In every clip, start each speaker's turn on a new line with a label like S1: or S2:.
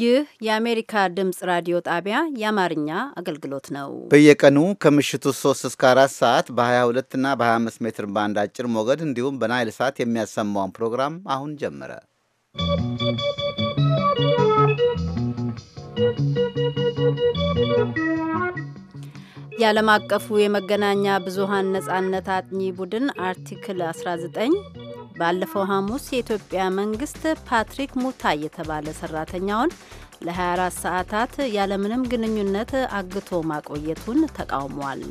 S1: ይህ የአሜሪካ ድምፅ ራዲዮ ጣቢያ የአማርኛ አገልግሎት ነው።
S2: በየቀኑ ከምሽቱ 3 እስከ 4 ሰዓት በ22 እና በ25 ሜትር ባንድ አጭር ሞገድ እንዲሁም በናይል ሰዓት የሚያሰማውን ፕሮግራም አሁን ጀመረ።
S1: የዓለም አቀፉ የመገናኛ ብዙሃን ነጻነት አጥኚ ቡድን አርቲክል 19 ባለፈው ሐሙስ የኢትዮጵያ መንግስት ፓትሪክ ሙታ የተባለ ሰራተኛውን ለ24 ሰዓታት ያለምንም ግንኙነት አግቶ ማቆየቱን ተቃውሟል።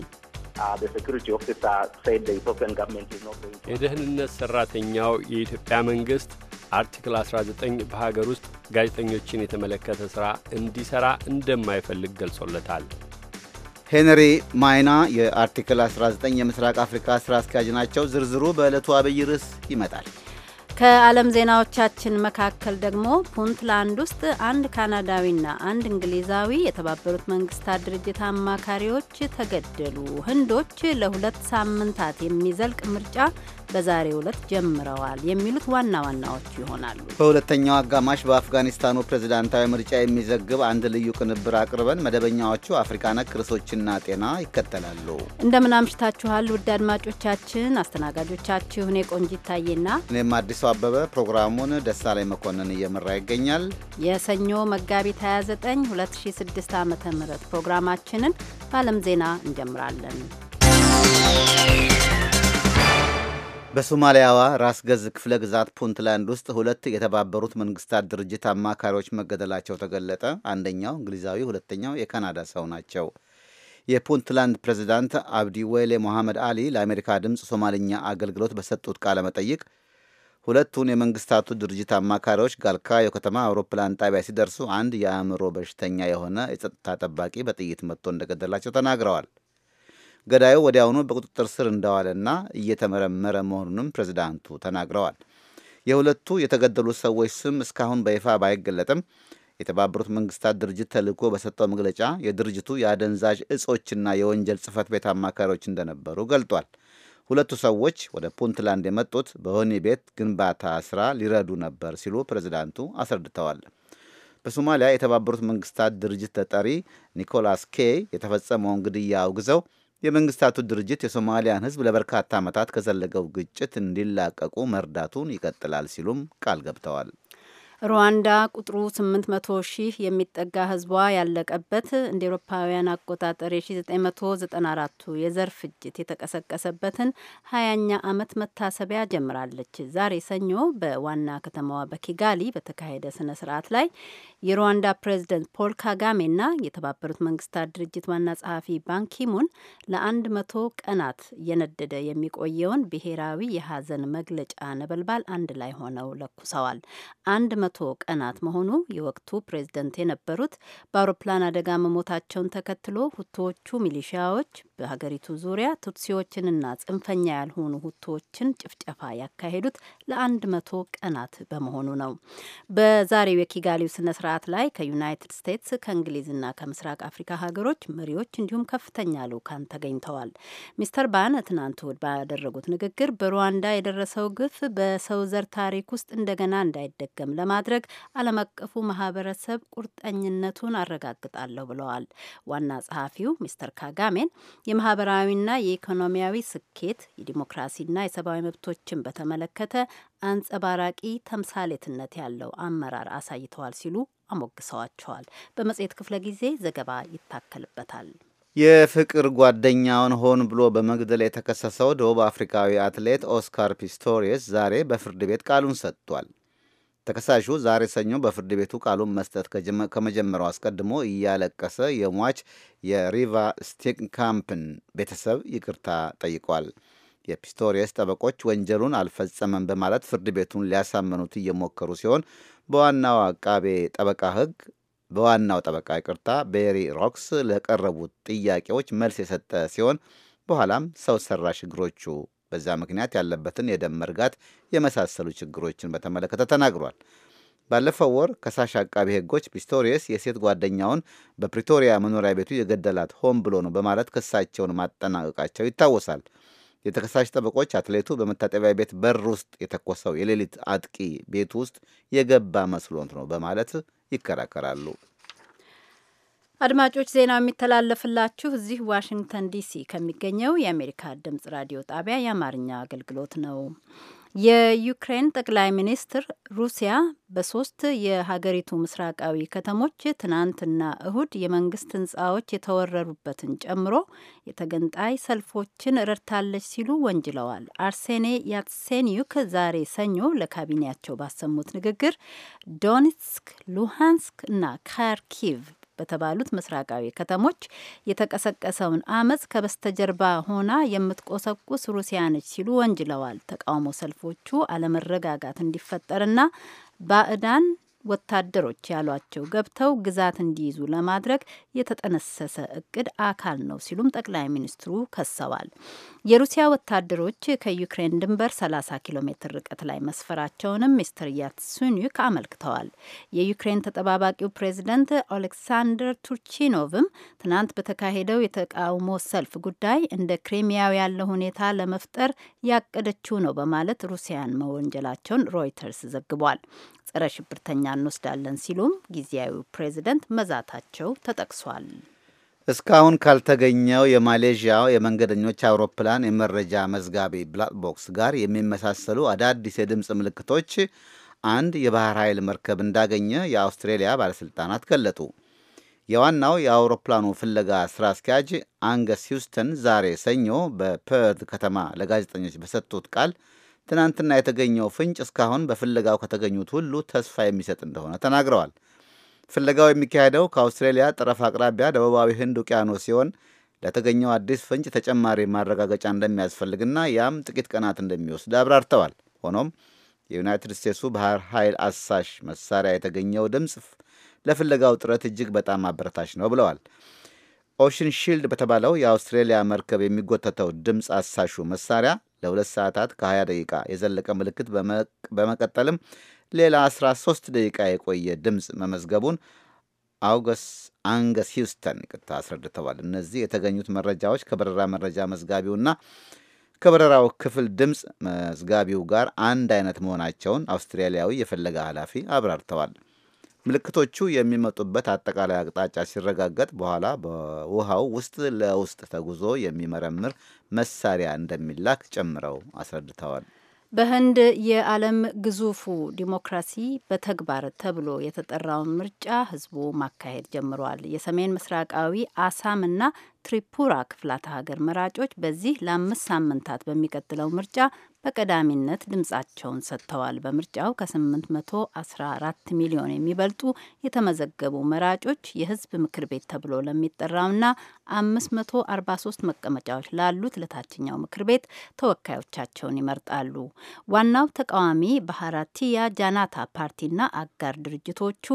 S3: የደህንነት ሰራተኛው የኢትዮጵያ መንግስት አርቲክል 19 በሀገር ውስጥ ጋዜጠኞችን የተመለከተ ሥራ እንዲሠራ እንደማይፈልግ ገልጾለታል።
S2: ሄንሪ ማይና የአርቲክል 19 የምስራቅ አፍሪካ ስራ አስኪያጅ ናቸው። ዝርዝሩ በዕለቱ አብይ ርዕስ ይመጣል።
S1: ከዓለም ዜናዎቻችን መካከል ደግሞ ፑንትላንድ ውስጥ አንድ ካናዳዊና አንድ እንግሊዛዊ የተባበሩት መንግስታት ድርጅት አማካሪዎች ተገደሉ። ህንዶች ለሁለት ሳምንታት የሚዘልቅ ምርጫ በዛሬው ዕለት ጀምረዋል የሚሉት ዋና ዋናዎቹ ይሆናሉ።
S2: በሁለተኛው አጋማሽ በአፍጋኒስታኑ ፕሬዝዳንታዊ ምርጫ የሚዘግብ አንድ ልዩ ቅንብር አቅርበን መደበኛዎቹ አፍሪካ ነክ ርዕሶችና ጤና ይከተላሉ።
S1: እንደምን አምሽታችኋል ውድ አድማጮቻችን። አስተናጋጆቻችሁ እኔ ቆንጂት ታዬና
S2: እኔም አዲሱ አበበ። ፕሮግራሙን ላይ መኮንን እየመራ ይገኛል።
S1: የሰኞ መጋቢት 29 2006 ዓ ም ፕሮግራማችንን በዓለም ዜና እንጀምራለን።
S2: በሶማሊያዋ ራስ ገዝ ክፍለ ግዛት ፑንትላንድ ውስጥ ሁለት የተባበሩት መንግስታት ድርጅት አማካሪዎች መገደላቸው ተገለጠ። አንደኛው እንግሊዛዊ፣ ሁለተኛው የካናዳ ሰው ናቸው። የፑንትላንድ ፕሬዚዳንት አብዲ ወይሌ ሞሐመድ አሊ ለአሜሪካ ድምፅ ሶማልኛ አገልግሎት በሰጡት ቃለ መጠይቅ ሁለቱን የመንግስታቱ ድርጅት አማካሪዎች ጋልካዮ ከተማ አውሮፕላን ጣቢያ ሲደርሱ አንድ የአእምሮ በሽተኛ የሆነ የጸጥታ ጠባቂ በጥይት መጥቶ እንደገደላቸው ተናግረዋል። ገዳዩ ወዲያውኑ በቁጥጥር ስር እንደዋለና እየተመረመረ መሆኑንም ፕሬዚዳንቱ ተናግረዋል። የሁለቱ የተገደሉ ሰዎች ስም እስካሁን በይፋ ባይገለጥም የተባበሩት መንግስታት ድርጅት ተልእኮ በሰጠው መግለጫ የድርጅቱ የአደንዛዥ እጾችና የወንጀል ጽህፈት ቤት አማካሪዎች እንደነበሩ ገልጧል። ሁለቱ ሰዎች ወደ ፑንትላንድ የመጡት በሆኒ ቤት ግንባታ ስራ ሊረዱ ነበር ሲሉ ፕሬዚዳንቱ አስረድተዋል። በሶማሊያ የተባበሩት መንግስታት ድርጅት ተጠሪ ኒኮላስ ኬይ የተፈጸመውን ግድያ አውግዘው የመንግስታቱ ድርጅት የሶማሊያን ህዝብ ለበርካታ ዓመታት ከዘለቀው ግጭት እንዲላቀቁ መርዳቱን ይቀጥላል ሲሉም ቃል ገብተዋል።
S1: ሩዋንዳ ቁጥሩ 800 ሺህ የሚጠጋ ህዝቧ ያለቀበት እንደ ኤሮፓውያን አቆጣጠር የ1994ቱ የዘር ፍጅት የተቀሰቀሰበትን ሀያኛ ዓመት መታሰቢያ ጀምራለች። ዛሬ ሰኞ በዋና ከተማዋ በኪጋሊ በተካሄደ ስነ ስርዓት ላይ የሩዋንዳ ፕሬዚደንት ፖል ካጋሜና የተባበሩት መንግስታት ድርጅት ዋና ጸሐፊ ባንኪሙን ለአንድ መቶ ቀናት እየነደደ የሚቆየውን ብሔራዊ የሀዘን መግለጫ ነበልባል አንድ ላይ ሆነው ለኩሰዋል። መቶ ቀናት መሆኑ የወቅቱ ፕሬዝደንት የነበሩት በአውሮፕላን አደጋ መሞታቸውን ተከትሎ ሁቶዎቹ ሚሊሺያዎች በሀገሪቱ ዙሪያ ቱትሲዎችንና ጽንፈኛ ያልሆኑ ሁቶዎችን ጭፍጨፋ ያካሄዱት ለአንድ መቶ ቀናት በመሆኑ ነው። በዛሬው የኪጋሊው ስነ ስርዓት ላይ ከዩናይትድ ስቴትስ ከእንግሊዝና ከምስራቅ አፍሪካ ሀገሮች መሪዎች እንዲሁም ከፍተኛ ልኡካን ተገኝተዋል። ሚስተር ባን ትናንት እሁድ ባደረጉት ንግግር በሩዋንዳ የደረሰው ግፍ በሰው ዘር ታሪክ ውስጥ እንደገና እንዳይደገም ለማ ለማድረግ ዓለም አቀፉ ማህበረሰብ ቁርጠኝነቱን አረጋግጣለሁ ብለዋል። ዋና ጸሐፊው ሚስተር ካጋሜን የማህበራዊና የኢኮኖሚያዊ ስኬት የዲሞክራሲና የሰብአዊ መብቶችን በተመለከተ አንጸባራቂ ተምሳሌትነት ያለው አመራር አሳይተዋል ሲሉ አሞግሰዋቸዋል። በመጽሔት ክፍለ ጊዜ ዘገባ ይታከልበታል።
S2: የፍቅር ጓደኛውን ሆን ብሎ በመግደል የተከሰሰው ደቡብ አፍሪካዊ አትሌት ኦስካር ፒስቶሪየስ ዛሬ በፍርድ ቤት ቃሉን ሰጥቷል። ተከሳሹ ዛሬ ሰኞ በፍርድ ቤቱ ቃሉን መስጠት ከመጀመሩ አስቀድሞ እያለቀሰ የሟች የሪቫ ስቴንካምፕን ቤተሰብ ይቅርታ ጠይቋል። የፒስቶሪየስ ጠበቆች ወንጀሉን አልፈጸመም በማለት ፍርድ ቤቱን ሊያሳመኑት እየሞከሩ ሲሆን በዋናው አቃቤ ጠበቃ ሕግ በዋናው ጠበቃ ይቅርታ ቤሪ ሮክስ ለቀረቡት ጥያቄዎች መልስ የሰጠ ሲሆን በኋላም ሰው ሰራሽ እግሮቹ በዛ ምክንያት ያለበትን የደም መርጋት የመሳሰሉ ችግሮችን በተመለከተ ተናግሯል። ባለፈው ወር ከሳሽ አቃቢ ሕጎች ፒስቶሪየስ የሴት ጓደኛውን በፕሪቶሪያ መኖሪያ ቤቱ የገደላት ሆን ብሎ ነው በማለት ክሳቸውን ማጠናቀቃቸው ይታወሳል። የተከሳሽ ጠበቆች አትሌቱ በመታጠቢያ ቤት በር ውስጥ የተኮሰው የሌሊት አጥቂ ቤት ውስጥ የገባ መስሎት ነው በማለት ይከራከራሉ።
S1: አድማጮች ዜናው የሚተላለፍላችሁ እዚህ ዋሽንግተን ዲሲ ከሚገኘው የአሜሪካ ድምጽ ራዲዮ ጣቢያ የአማርኛ አገልግሎት ነው። የዩክሬን ጠቅላይ ሚኒስትር ሩሲያ በሶስት የሀገሪቱ ምስራቃዊ ከተሞች ትናንትና እሁድ የመንግስት ህንጻዎች የተወረሩበትን ጨምሮ የተገንጣይ ሰልፎችን ረድታለች ሲሉ ወንጅለዋል። አርሴኔ ያትሴኒዩክ ዛሬ ሰኞ ለካቢኔያቸው ባሰሙት ንግግር ዶኔትስክ፣ ሉሃንስክ እና ካርኪቭ በተባሉት ምስራቃዊ ከተሞች የተቀሰቀሰውን አመፅ ከበስተጀርባ ሆና የምትቆሰቁስ ሩሲያ ነች ሲሉ ወንጅለዋል። ተቃውሞ ሰልፎቹ አለመረጋጋት እንዲፈጠርና ባዕዳን ወታደሮች ያሏቸው ገብተው ግዛት እንዲይዙ ለማድረግ የተጠነሰሰ እቅድ አካል ነው ሲሉም ጠቅላይ ሚኒስትሩ ከሰዋል። የሩሲያ ወታደሮች ከዩክሬን ድንበር 30 ኪሎ ሜትር ርቀት ላይ መስፈራቸውንም ሚስትር ያትሱኒክ አመልክተዋል። የዩክሬን ተጠባባቂው ፕሬዚደንት ኦሌክሳንደር ቱርቺኖቭም ትናንት በተካሄደው የተቃውሞ ሰልፍ ጉዳይ እንደ ክሬሚያው ያለ ሁኔታ ለመፍጠር ያቀደችው ነው በማለት ሩሲያን መወንጀላቸውን ሮይተርስ ዘግቧል። ጸረ ሽብርተኛ እንወስዳለን ሲሉም ጊዜያዊ ፕሬዚደንት መዛታቸው ተጠቅሷል።
S2: እስካሁን ካልተገኘው የማሌዥያው የመንገደኞች አውሮፕላን የመረጃ መዝጋቢ ብላክ ቦክስ ጋር የሚመሳሰሉ አዳዲስ የድምፅ ምልክቶች አንድ የባህር ኃይል መርከብ እንዳገኘ የአውስትሬሊያ ባለሥልጣናት ገለጡ። የዋናው የአውሮፕላኑ ፍለጋ ሥራ አስኪያጅ አንገስ ሂውስተን ዛሬ ሰኞ በፐርት ከተማ ለጋዜጠኞች በሰጡት ቃል ትናንትና የተገኘው ፍንጭ እስካሁን በፍለጋው ከተገኙት ሁሉ ተስፋ የሚሰጥ እንደሆነ ተናግረዋል። ፍለጋው የሚካሄደው ከአውስትሬሊያ ጠረፍ አቅራቢያ ደቡባዊ ህንድ ውቅያኖስ ሲሆን ለተገኘው አዲስ ፍንጭ ተጨማሪ ማረጋገጫ እንደሚያስፈልግና ያም ጥቂት ቀናት እንደሚወስድ አብራርተዋል። ሆኖም የዩናይትድ ስቴትሱ ባህር ኃይል አሳሽ መሳሪያ የተገኘው ድምፅ ለፍለጋው ጥረት እጅግ በጣም አበረታች ነው ብለዋል። ኦሽን ሺልድ በተባለው የአውስትሬሊያ መርከብ የሚጎተተው ድምፅ አሳሹ መሳሪያ ለሁለት ሰዓታት ከ20 ደቂቃ የዘለቀ ምልክት በመቀጠልም ሌላ 13 ደቂቃ የቆየ ድምፅ መመዝገቡን አውገስ አንገስ ሂውስተን ይቅርታ አስረድተዋል። እነዚህ የተገኙት መረጃዎች ከበረራ መረጃ መዝጋቢውና ከበረራው ክፍል ድምፅ መዝጋቢው ጋር አንድ አይነት መሆናቸውን አውስትራሊያዊ የፍለጋ ኃላፊ አብራርተዋል። ምልክቶቹ የሚመጡበት አጠቃላይ አቅጣጫ ሲረጋገጥ በኋላ በውሃው ውስጥ ለውስጥ ተጉዞ የሚመረምር መሳሪያ እንደሚላክ ጨምረው አስረድተዋል።
S1: በህንድ የዓለም ግዙፉ ዲሞክራሲ በተግባር ተብሎ የተጠራውን ምርጫ ህዝቡ ማካሄድ ጀምሯል። የሰሜን ምስራቃዊ አሳምና ትሪፑራ ክፍላተ ሀገር መራጮች በዚህ ለአምስት ሳምንታት በሚቀጥለው ምርጫ በቀዳሚነት ድምጻቸውን ሰጥተዋል። በምርጫው ከ814 ሚሊዮን የሚበልጡ የተመዘገቡ መራጮች የህዝብ ምክር ቤት ተብሎ ለሚጠራውና 543 መቀመጫዎች ላሉት ለታችኛው ምክር ቤት ተወካዮቻቸውን ይመርጣሉ። ዋናው ተቃዋሚ ባህራቲያ ጃናታ ፓርቲና አጋር ድርጅቶቹ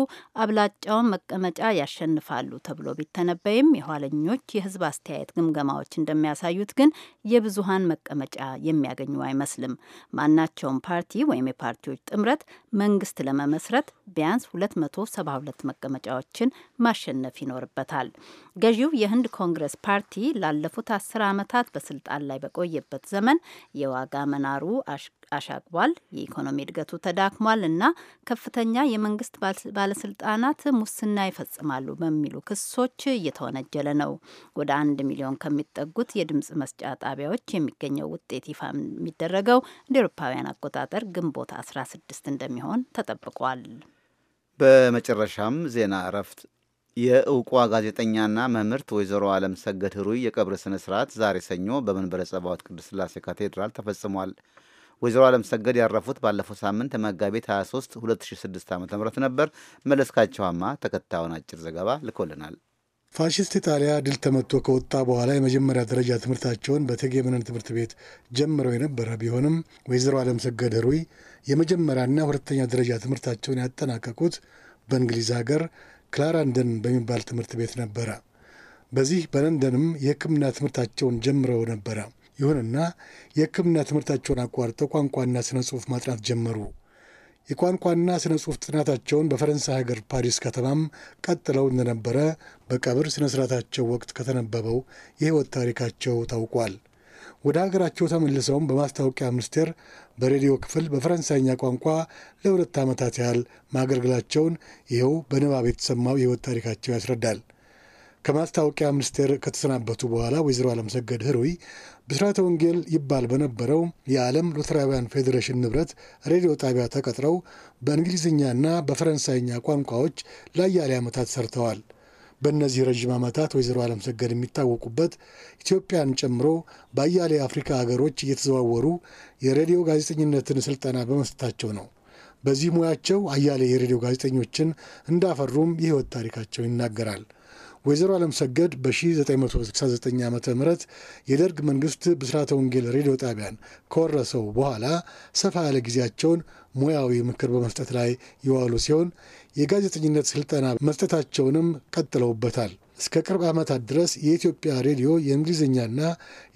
S1: አብላጫውን መቀመጫ ያሸንፋሉ ተብሎ ቢተነበይም የኋለኞች የህዝብ አስተያየት ግምገማዎች እንደሚያሳዩት ግን የብዙሀን መቀመጫ የሚያገኙ አይመስልም። አይመስልም። ማናቸውም ፓርቲ ወይም የፓርቲዎች ጥምረት መንግስት ለመመስረት ቢያንስ 272 መቀመጫዎችን ማሸነፍ ይኖርበታል። ገዢው የህንድ ኮንግረስ ፓርቲ ላለፉት አስር ዓመታት በስልጣን ላይ በቆየበት ዘመን የዋጋ መናሩ አሻቅቧል፣ የኢኮኖሚ እድገቱ ተዳክሟል እና ከፍተኛ የመንግስት ባለስልጣናት ሙስና ይፈጽማሉ በሚሉ ክሶች እየተወነጀለ ነው። ወደ አንድ ሚሊዮን ከሚጠጉት የድምፅ መስጫ ጣቢያዎች የሚገኘው ውጤት ይፋ የሚደረገው እንደ ኤሮፓውያን አቆጣጠር ግንቦት 16 እንደሚሆን ተጠብቋል።
S2: በመጨረሻም ዜና እረፍት የእውቋ ጋዜጠኛና መምህርት ወይዘሮ ዓለም ሰገድ ህሩይ የቀብር ስነ ስርዓት ዛሬ ሰኞ በመንበረ ጸባዖት ቅዱስ ሥላሴ ካቴድራል ተፈጽሟል። ወይዘሮ ዓለም ሰገድ ያረፉት ባለፈው ሳምንት መጋቢት 23 2006 ዓ ም ነበር። መለስካቸዋማ ተከታዩን አጭር ዘገባ ልኮልናል።
S4: ፋሽስት ኢጣሊያ ድል ተመቶ ከወጣ በኋላ የመጀመሪያ ደረጃ ትምህርታቸውን በእቴጌ መነን ትምህርት ቤት ጀምረው የነበረ ቢሆንም ወይዘሮ አለም ሰገድ ሩይ የመጀመሪያና ሁለተኛ ደረጃ ትምህርታቸውን ያጠናቀቁት በእንግሊዝ ሀገር ክላራንደን በሚባል ትምህርት ቤት ነበረ። በዚህ በለንደንም የሕክምና ትምህርታቸውን ጀምረው ነበረ። ይሁንና የሕክምና ትምህርታቸውን አቋርጠው ቋንቋና ስነ ጽሁፍ ማጥናት ጀመሩ። የቋንቋና ስነ ጽሁፍ ጥናታቸውን በፈረንሳይ ሀገር ፓሪስ ከተማም ቀጥለው እንደነበረ በቀብር ስነ ስርዓታቸው ወቅት ከተነበበው የህይወት ታሪካቸው ታውቋል። ወደ ሀገራቸው ተመልሰውም በማስታወቂያ ሚኒስቴር በሬዲዮ ክፍል በፈረንሳይኛ ቋንቋ ለሁለት ዓመታት ያህል ማገልገላቸውን ይኸው በንባብ የተሰማው የህይወት ታሪካቸው ያስረዳል። ከማስታወቂያ ሚኒስቴር ከተሰናበቱ በኋላ ወይዘሮ አለምሰገድ ህሩይ ብስራተ ወንጌል ይባል በነበረው የዓለም ሉትራውያን ፌዴሬሽን ንብረት ሬዲዮ ጣቢያ ተቀጥረው በእንግሊዝኛና በፈረንሳይኛ ቋንቋዎች ለአያሌ ዓመታት ሰርተዋል። በእነዚህ ረዥም ዓመታት ወይዘሮ ዓለም ሰገድ የሚታወቁበት ኢትዮጵያን ጨምሮ በአያሌ አፍሪካ አገሮች እየተዘዋወሩ የሬዲዮ ጋዜጠኝነትን ስልጠና በመስጠታቸው ነው። በዚህ ሙያቸው አያሌ የሬዲዮ ጋዜጠኞችን እንዳፈሩም የሕይወት ታሪካቸው ይናገራል። ወይዘሮ አለም ሰገድ በ1969 ዓ ም የደርግ መንግስት ብስራተ ወንጌል ሬዲዮ ጣቢያን ከወረሰው በኋላ ሰፋ ያለ ጊዜያቸውን ሙያዊ ምክር በመስጠት ላይ የዋሉ ሲሆን የጋዜጠኝነት ስልጠና መስጠታቸውንም ቀጥለውበታል። እስከ ቅርብ ዓመታት ድረስ የኢትዮጵያ ሬዲዮ የእንግሊዝኛና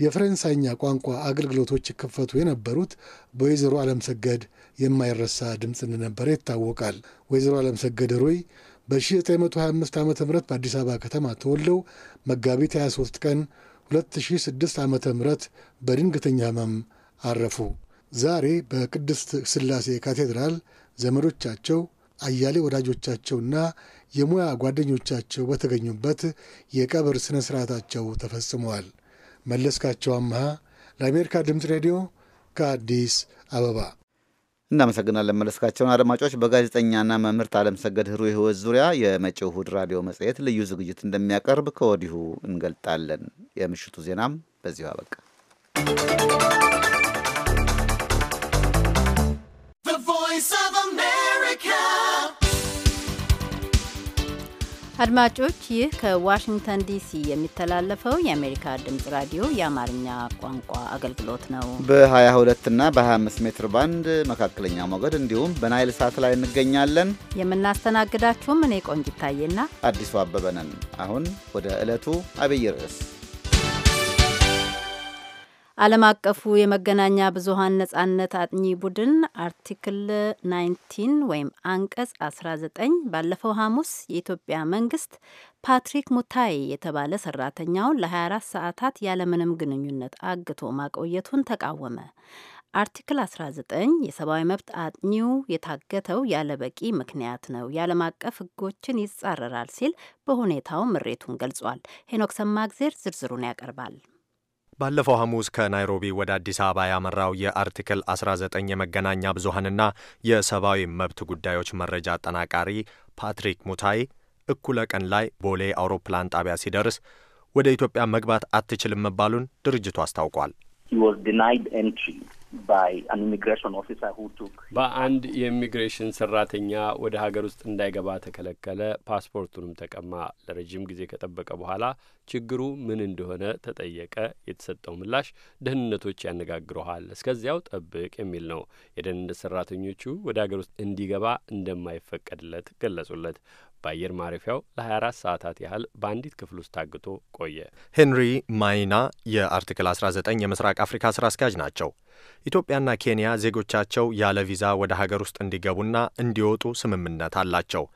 S4: የፈረንሳይኛ ቋንቋ አገልግሎቶች ይከፈቱ የነበሩት በወይዘሮ አለም ሰገድ የማይረሳ ድምፅ እንደነበረ ይታወቃል። ወይዘሮ አለም ሰገድ ሩይ በ1925 ዓ ም በአዲስ አበባ ከተማ ተወልደው መጋቢት 23 ቀን 2006 ዓ ም በድንገተኛ ህመም አረፉ። ዛሬ በቅድስት ስላሴ ካቴድራል ዘመዶቻቸው፣ አያሌ ወዳጆቻቸውና የሙያ ጓደኞቻቸው በተገኙበት የቀብር ሥነ ሥርዓታቸው ተፈጽመዋል። መለስካቸው አምሃ ለአሜሪካ ድምፅ ሬዲዮ ከአዲስ አበባ
S2: እናመሰግናለን መለስካቸውን። አድማጮች በጋዜጠኛና መምህርት አለምሰገድ ህሩይ ህይወት ዙሪያ የመጪው እሁድ ራዲዮ መጽሔት ልዩ ዝግጅት እንደሚያቀርብ ከወዲሁ እንገልጣለን። የምሽቱ ዜናም በዚሁ አበቃ።
S1: አድማጮች ይህ ከዋሽንግተን ዲሲ የሚተላለፈው የአሜሪካ ድምጽ ራዲዮ የአማርኛ ቋንቋ አገልግሎት ነው።
S2: በ22 እና በ25 ሜትር ባንድ መካከለኛ ሞገድ እንዲሁም በናይል ሳት ላይ እንገኛለን።
S1: የምናስተናግዳችሁም እኔ ቆንጅታዬና
S2: አዲሱ አበበ ነን። አሁን ወደ ዕለቱ አብይ ርዕስ
S1: ዓለም አቀፉ የመገናኛ ብዙሀን ነጻነት አጥኚ ቡድን አርቲክል 19 ወይም አንቀጽ 19 ባለፈው ሐሙስ የኢትዮጵያ መንግስት ፓትሪክ ሙታይ የተባለ ሰራተኛውን ለ24 ሰዓታት ያለምንም ግንኙነት አግቶ ማቆየቱን ተቃወመ። አርቲክል 19 የሰብአዊ መብት አጥኚው የታገተው ያለ በቂ ምክንያት ነው፣ የዓለም አቀፍ ሕጎችን ይጻረራል ሲል በሁኔታው ምሬቱን ገልጿል። ሄኖክ ሰማግዜር ዝርዝሩን ያቀርባል።
S5: ባለፈው ሐሙስ ከናይሮቢ ወደ አዲስ አበባ ያመራው የአርቲክል 19 የመገናኛ ብዙሀንና የሰብአዊ መብት ጉዳዮች መረጃ አጠናቃሪ ፓትሪክ ሙታይ እኩለ ቀን ላይ ቦሌ አውሮፕላን ጣቢያ ሲደርስ ወደ ኢትዮጵያ መግባት አትችልም መባሉን ድርጅቱ አስታውቋል።
S3: በአንድ የኢሚግሬሽን ሰራተኛ ወደ ሀገር ውስጥ እንዳይገባ ተከለከለ፣ ፓስፖርቱንም ተቀማ። ለረጅም ጊዜ ከጠበቀ በኋላ ችግሩ ምን እንደሆነ ተጠየቀ። የተሰጠው ምላሽ ደህንነቶች ያነጋግረዋል፣ እስከዚያው ጠብቅ የሚል ነው። የደህንነት ሰራተኞቹ ወደ ሀገር ውስጥ እንዲገባ እንደማይፈቀድለት ገለጹለት። በአየር ማረፊያው ለ24 ሰዓታት ያህል በአንዲት ክፍል ውስጥ ታግቶ ቆየ።
S5: ሄንሪ ማይና የአርቲክል 19 የምስራቅ አፍሪካ ስራ አስኪያጅ ናቸው። ኢትዮጵያና ኬንያ ዜጎቻቸው ያለ ቪዛ ወደ ሀገር ውስጥ እንዲገቡና እንዲወጡ ስምምነት አላቸው።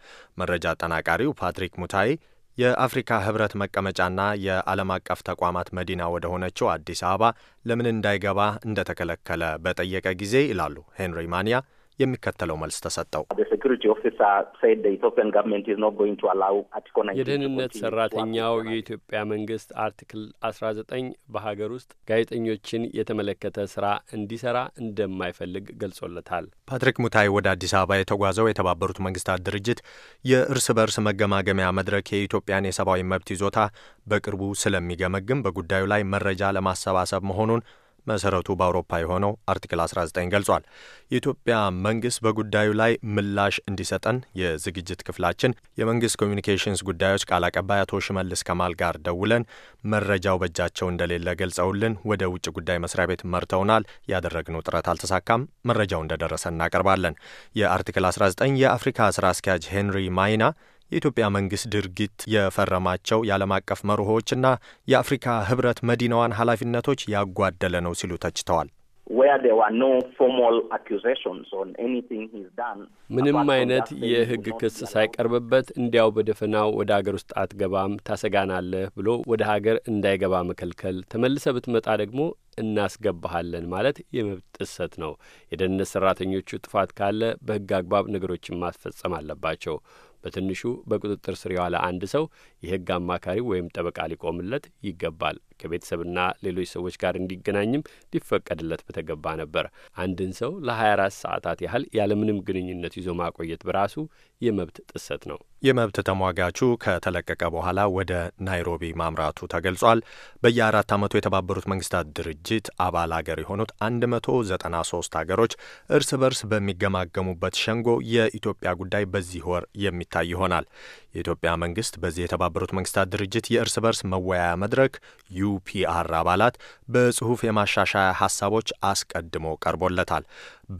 S5: መረጃ አጠናቃሪው ፓትሪክ ሙታይ የአፍሪካ ህብረት መቀመጫና የዓለም አቀፍ ተቋማት መዲና ወደ ሆነችው አዲስ አበባ ለምን እንዳይገባ እንደተከለከለ በጠየቀ ጊዜ ይላሉ ሄንሪ ማንያ የሚከተለው መልስ ተሰጠው።
S3: የደህንነት ሰራተኛው የኢትዮጵያ መንግስት አርቲክል አስራ ዘጠኝ በሀገር ውስጥ ጋዜጠኞችን የተመለከተ ስራ እንዲሰራ እንደማይፈልግ ገልጾለታል።
S5: ፓትሪክ ሙታይ ወደ አዲስ አበባ የተጓዘው የተባበሩት መንግስታት ድርጅት የእርስ በርስ መገማገሚያ መድረክ የኢትዮጵያን የሰብአዊ መብት ይዞታ በቅርቡ ስለሚገመግም በጉዳዩ ላይ መረጃ ለማሰባሰብ መሆኑን መሰረቱ በአውሮፓ የሆነው አርቲክል 19 ገልጿል። የኢትዮጵያ መንግስት በጉዳዩ ላይ ምላሽ እንዲሰጠን የዝግጅት ክፍላችን የመንግስት ኮሚኒኬሽንስ ጉዳዮች ቃል አቀባይ አቶ ሽመልስ ከማል ጋር ደውለን መረጃው በእጃቸው እንደሌለ ገልጸውልን ወደ ውጭ ጉዳይ መስሪያ ቤት መርተውናል። ያደረግነው ጥረት አልተሳካም። መረጃው እንደደረሰ እናቀርባለን። የአርቲክል 19 የአፍሪካ ስራ አስኪያጅ ሄንሪ ማይና የኢትዮጵያ መንግስት ድርጊት የፈረማቸው የዓለም አቀፍ መርሆችና የአፍሪካ ህብረት መዲናዋን ኃላፊነቶች ያጓደለ
S3: ነው ሲሉ ተችተዋል። ምንም አይነት የህግ ክስ ሳይቀርብበት እንዲያው በደፈናው ወደ አገር ውስጥ አትገባም ታሰጋናለህ ብሎ ወደ ሀገር እንዳይገባ መከልከል፣ ተመልሰ ብትመጣ ደግሞ እናስገባሃለን ማለት የመብት ጥሰት ነው። የደህንነት ሰራተኞቹ ጥፋት ካለ በህግ አግባብ ነገሮችን ማስፈጸም አለባቸው። በትንሹ በቁጥጥር ስር የዋለ አንድ ሰው የህግ አማካሪ ወይም ጠበቃ ሊቆምለት ይገባል። ከቤተሰብና ሌሎች ሰዎች ጋር እንዲገናኝም ሊፈቀድለት በተገባ ነበር። አንድን ሰው ለ24 ሰዓታት ያህል ያለምንም ግንኙነት ይዞ ማቆየት በራሱ የመብት ጥሰት ነው። የመብት ተሟጋቹ ከተለቀቀ
S5: በኋላ ወደ ናይሮቢ ማምራቱ ተገልጿል። በየአራት ዓመቱ የተባበሩት መንግስታት ድርጅት አባል አገር የሆኑት 193 ሀገሮች እርስ በርስ በሚገማገሙበት ሸንጎ የኢትዮጵያ ጉዳይ በዚህ ወር የሚታይ ይሆናል። የኢትዮጵያ መንግስት በዚህ የተባበሩት መንግስታት ድርጅት የእርስ በርስ መወያያ መድረክ ዩፒአር አባላት በጽሁፍ የማሻሻያ ሀሳቦች አስቀድሞ ቀርቦለታል።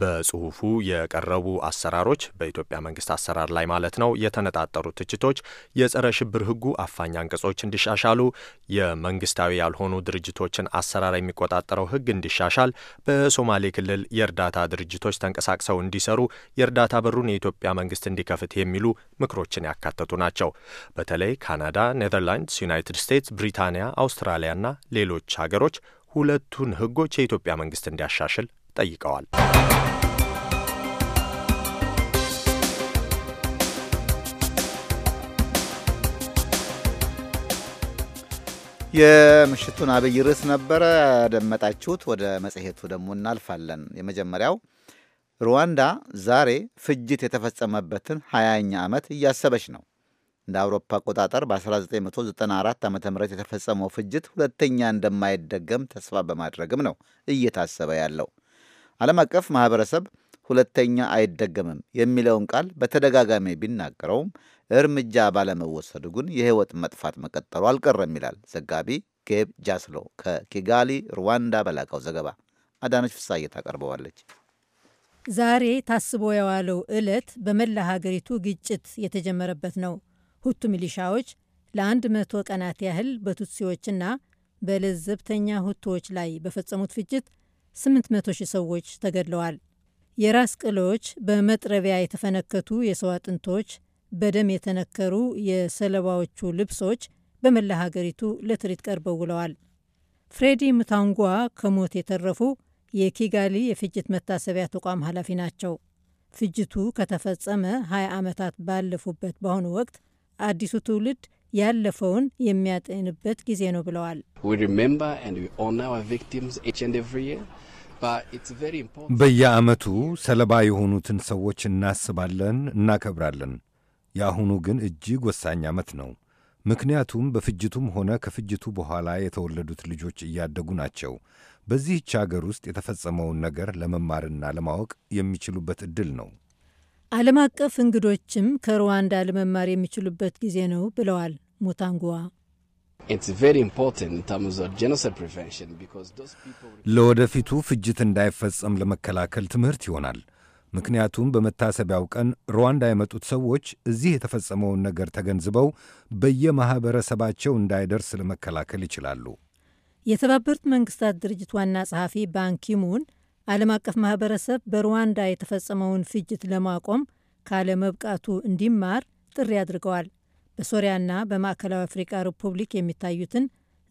S5: በጽሁፉ የቀረቡ አሰራሮች በኢትዮጵያ መንግስት አሰራር ላይ ማለት ነው የተነጣጠሩ ትችቶች፣ የጸረ ሽብር ህጉ አፋኝ አንቀጾች እንዲሻሻሉ፣ የመንግስታዊ ያልሆኑ ድርጅቶችን አሰራር የሚቆጣጠረው ህግ እንዲሻሻል፣ በሶማሌ ክልል የእርዳታ ድርጅቶች ተንቀሳቅሰው እንዲሰሩ፣ የእርዳታ በሩን የኢትዮጵያ መንግስት እንዲከፍት የሚሉ ምክሮችን ያካተቱ ናቸው። በተለይ ካናዳ፣ ኔዘርላንድስ፣ ዩናይትድ ስቴትስ፣ ብሪታንያ፣ አውስትራሊያና ሌሎች ሀገሮች ሁለቱን ህጎች የኢትዮጵያ መንግስት እንዲያሻሽል ጠይቀዋል።
S2: የምሽቱን አብይ ርዕስ ነበረ ያደመጣችሁት። ወደ መጽሔቱ ደግሞ እናልፋለን። የመጀመሪያው ሩዋንዳ ዛሬ ፍጅት የተፈጸመበትን ሀያኛ ዓመት እያሰበች ነው። እንደ አውሮፓ አቆጣጠር በ1994 ዓ ም የተፈጸመው ፍጅት ሁለተኛ እንደማይደገም ተስፋ በማድረግም ነው እየታሰበ ያለው። ዓለም አቀፍ ማህበረሰብ ሁለተኛ አይደገምም የሚለውን ቃል በተደጋጋሚ ቢናገረውም እርምጃ ባለመወሰዱ ግን የህይወት መጥፋት መቀጠሉ አልቀረም ይላል ዘጋቢ ጌብ ጃስሎ ከኪጋሊ ሩዋንዳ በላከው ዘገባ። አዳነች ፍሳየ ታቀርበዋለች።
S6: ዛሬ ታስቦ የዋለው ዕለት በመላ ሀገሪቱ ግጭት የተጀመረበት ነው። ሁቱ ሚሊሻዎች ለአንድ መቶ ቀናት ያህል በቱትሲዎችና በለዘብተኛ ሁቶዎች ላይ በፈጸሙት ፍጅት 800 ሺህ ሰዎች ተገድለዋል። የራስ ቅሎች፣ በመጥረቢያ የተፈነከቱ የሰው አጥንቶች፣ በደም የተነከሩ የሰለባዎቹ ልብሶች በመላ ሀገሪቱ ለትርኢት ቀርበው ውለዋል። ፍሬዲ ሙታንጓ ከሞት የተረፉ የኪጋሊ የፍጅት መታሰቢያ ተቋም ኃላፊ ናቸው። ፍጅቱ ከተፈጸመ 20 ዓመታት ባለፉበት በአሁኑ ወቅት አዲሱ ትውልድ ያለፈውን የሚያጤንበት ጊዜ ነው ብለዋል።
S7: በየዓመቱ ሰለባ የሆኑትን ሰዎች እናስባለን፣ እናከብራለን። የአሁኑ ግን እጅግ ወሳኝ ዓመት ነው። ምክንያቱም በፍጅቱም ሆነ ከፍጅቱ በኋላ የተወለዱት ልጆች እያደጉ ናቸው። በዚህች አገር ውስጥ የተፈጸመውን ነገር ለመማርና ለማወቅ የሚችሉበት ዕድል ነው።
S6: ዓለም አቀፍ እንግዶችም ከሩዋንዳ ለመማር የሚችሉበት ጊዜ ነው ብለዋል
S3: ሙታንጉዋ።
S7: ለወደፊቱ ፍጅት እንዳይፈጸም ለመከላከል ትምህርት ይሆናል። ምክንያቱም በመታሰቢያው ቀን ሩዋንዳ የመጡት ሰዎች እዚህ የተፈጸመውን ነገር ተገንዝበው በየማኅበረሰባቸው እንዳይደርስ ለመከላከል ይችላሉ።
S6: የተባበሩት መንግሥታት ድርጅት ዋና ጸሐፊ ባንኪሙን ዓለም አቀፍ ማህበረሰብ በሩዋንዳ የተፈጸመውን ፍጅት ለማቆም ካለመብቃቱ እንዲማር ጥሪ አድርገዋል። በሶሪያና በማዕከላዊ አፍሪቃ ሪፑብሊክ የሚታዩትን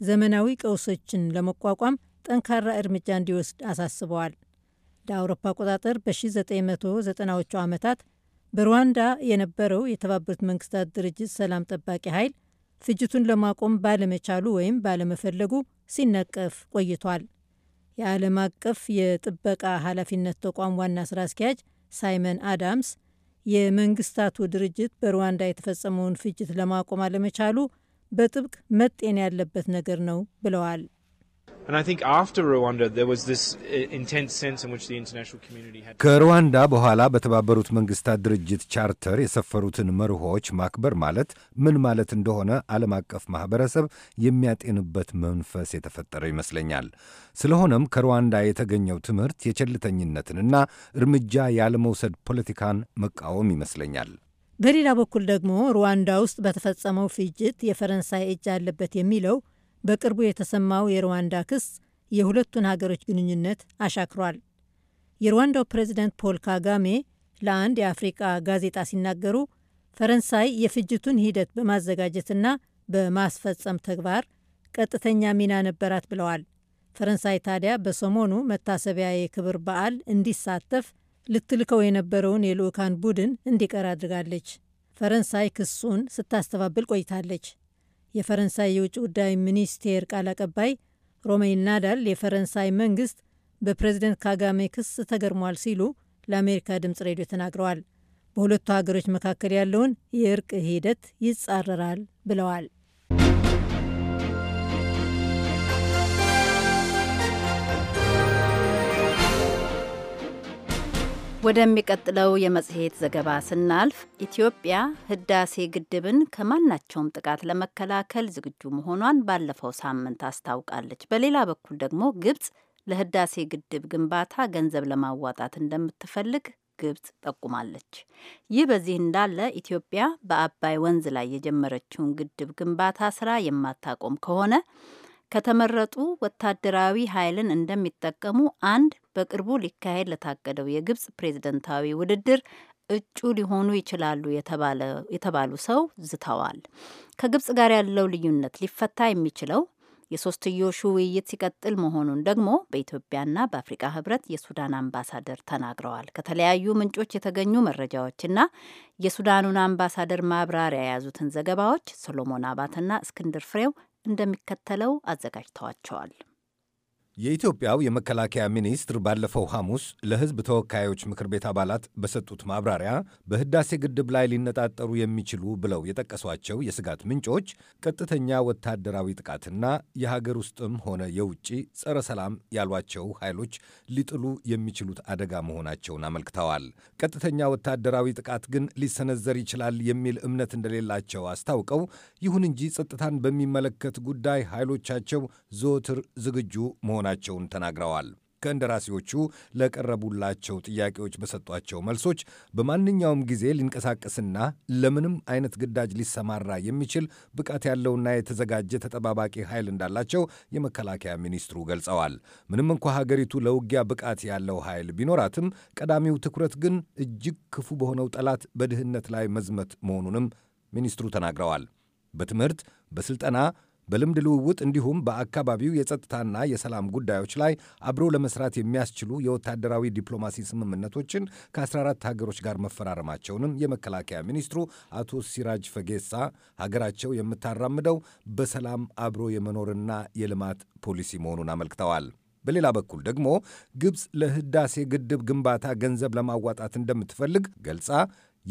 S6: ዘመናዊ ቀውሶችን ለመቋቋም ጠንካራ እርምጃ እንዲወስድ አሳስበዋል። እንደ አውሮፓ አቆጣጠር በ1990ዎቹ ዓመታት በሩዋንዳ የነበረው የተባበሩት መንግስታት ድርጅት ሰላም ጠባቂ ኃይል ፍጅቱን ለማቆም ባለመቻሉ ወይም ባለመፈለጉ ሲነቀፍ ቆይቷል። የዓለም አቀፍ የጥበቃ ኃላፊነት ተቋም ዋና ስራ አስኪያጅ ሳይመን አዳምስ የመንግስታቱ ድርጅት በሩዋንዳ የተፈጸመውን ፍጅት ለማቆም አለመቻሉ በጥብቅ መጤን ያለበት ነገር ነው ብለዋል።
S3: ከሩዋንዳ
S7: በኋላ በተባበሩት መንግስታት ድርጅት ቻርተር የሰፈሩትን መርሆች ማክበር ማለት ምን ማለት እንደሆነ ዓለም አቀፍ ማኅበረሰብ የሚያጤንበት መንፈስ የተፈጠረ ይመስለኛል። ስለሆነም ከሩዋንዳ የተገኘው ትምህርት የቸልተኝነትንና እርምጃ ያለመውሰድ ፖለቲካን መቃወም ይመስለኛል።
S6: በሌላ በኩል ደግሞ ሩዋንዳ ውስጥ በተፈጸመው ፍጅት የፈረንሳይ እጅ አለበት የሚለው በቅርቡ የተሰማው የሩዋንዳ ክስ የሁለቱን ሀገሮች ግንኙነት አሻክሯል። የሩዋንዳው ፕሬዚደንት ፖል ካጋሜ ለአንድ የአፍሪቃ ጋዜጣ ሲናገሩ ፈረንሳይ የፍጅቱን ሂደት በማዘጋጀትና በማስፈጸም ተግባር ቀጥተኛ ሚና ነበራት ብለዋል። ፈረንሳይ ታዲያ በሰሞኑ መታሰቢያ የክብር በዓል እንዲሳተፍ ልትልከው የነበረውን የልዑካን ቡድን እንዲቀር አድርጋለች። ፈረንሳይ ክሱን ስታስተባብል ቆይታለች። የፈረንሳይ የውጭ ጉዳይ ሚኒስቴር ቃል አቀባይ ሮሜይን ናዳል የፈረንሳይ መንግስት በፕሬዚደንት ካጋሜ ክስ ተገርሟል ሲሉ ለአሜሪካ ድምፅ ሬዲዮ ተናግረዋል። በሁለቱ ሀገሮች መካከል ያለውን የእርቅ ሂደት ይጻረራል ብለዋል።
S1: ወደሚቀጥለው የመጽሔት ዘገባ ስናልፍ ኢትዮጵያ ህዳሴ ግድብን ከማናቸውም ጥቃት ለመከላከል ዝግጁ መሆኗን ባለፈው ሳምንት አስታውቃለች። በሌላ በኩል ደግሞ ግብጽ ለህዳሴ ግድብ ግንባታ ገንዘብ ለማዋጣት እንደምትፈልግ ግብጽ ጠቁማለች። ይህ በዚህ እንዳለ ኢትዮጵያ በአባይ ወንዝ ላይ የጀመረችውን ግድብ ግንባታ ስራ የማታቆም ከሆነ ከተመረጡ ወታደራዊ ኃይልን እንደሚጠቀሙ አንድ በቅርቡ ሊካሄድ ለታቀደው የግብጽ ፕሬዝደንታዊ ውድድር እጩ ሊሆኑ ይችላሉ የተባሉ ሰው ዝተዋል። ከግብጽ ጋር ያለው ልዩነት ሊፈታ የሚችለው የሶስትዮሹ ውይይት ሲቀጥል መሆኑን ደግሞ በኢትዮጵያና በአፍሪካ ህብረት የሱዳን አምባሳደር ተናግረዋል። ከተለያዩ ምንጮች የተገኙ መረጃዎችና የሱዳኑን አምባሳደር ማብራሪያ የያዙትን ዘገባዎች ሶሎሞን አባትና እስክንድር ፍሬው እንደሚከተለው አዘጋጅተዋቸዋል።
S7: የኢትዮጵያው የመከላከያ ሚኒስትር ባለፈው ሐሙስ ለሕዝብ ተወካዮች ምክር ቤት አባላት በሰጡት ማብራሪያ በሕዳሴ ግድብ ላይ ሊነጣጠሩ የሚችሉ ብለው የጠቀሷቸው የስጋት ምንጮች ቀጥተኛ ወታደራዊ ጥቃትና የሀገር ውስጥም ሆነ የውጭ ጸረ ሰላም ያሏቸው ኃይሎች ሊጥሉ የሚችሉት አደጋ መሆናቸውን አመልክተዋል። ቀጥተኛ ወታደራዊ ጥቃት ግን ሊሰነዘር ይችላል የሚል እምነት እንደሌላቸው አስታውቀው፣ ይሁን እንጂ ጸጥታን በሚመለከት ጉዳይ ኃይሎቻቸው ዘወትር ዝግጁ መሆናቸው መሆናቸውን ተናግረዋል። ከእንደራሴዎቹ ለቀረቡላቸው ጥያቄዎች በሰጧቸው መልሶች በማንኛውም ጊዜ ሊንቀሳቀስና ለምንም አይነት ግዳጅ ሊሰማራ የሚችል ብቃት ያለውና የተዘጋጀ ተጠባባቂ ኃይል እንዳላቸው የመከላከያ ሚኒስትሩ ገልጸዋል። ምንም እንኳ ሀገሪቱ ለውጊያ ብቃት ያለው ኃይል ቢኖራትም ቀዳሚው ትኩረት ግን እጅግ ክፉ በሆነው ጠላት በድህነት ላይ መዝመት መሆኑንም ሚኒስትሩ ተናግረዋል። በትምህርት፣ በስልጠና በልምድ ልውውጥ እንዲሁም በአካባቢው የጸጥታና የሰላም ጉዳዮች ላይ አብሮ ለመስራት የሚያስችሉ የወታደራዊ ዲፕሎማሲ ስምምነቶችን ከ14 ሀገሮች ጋር መፈራረማቸውንም የመከላከያ ሚኒስትሩ አቶ ሲራጅ ፈጌሳ ሀገራቸው የምታራምደው በሰላም አብሮ የመኖርና የልማት ፖሊሲ መሆኑን አመልክተዋል። በሌላ በኩል ደግሞ ግብፅ ለህዳሴ ግድብ ግንባታ ገንዘብ ለማዋጣት እንደምትፈልግ ገልጻ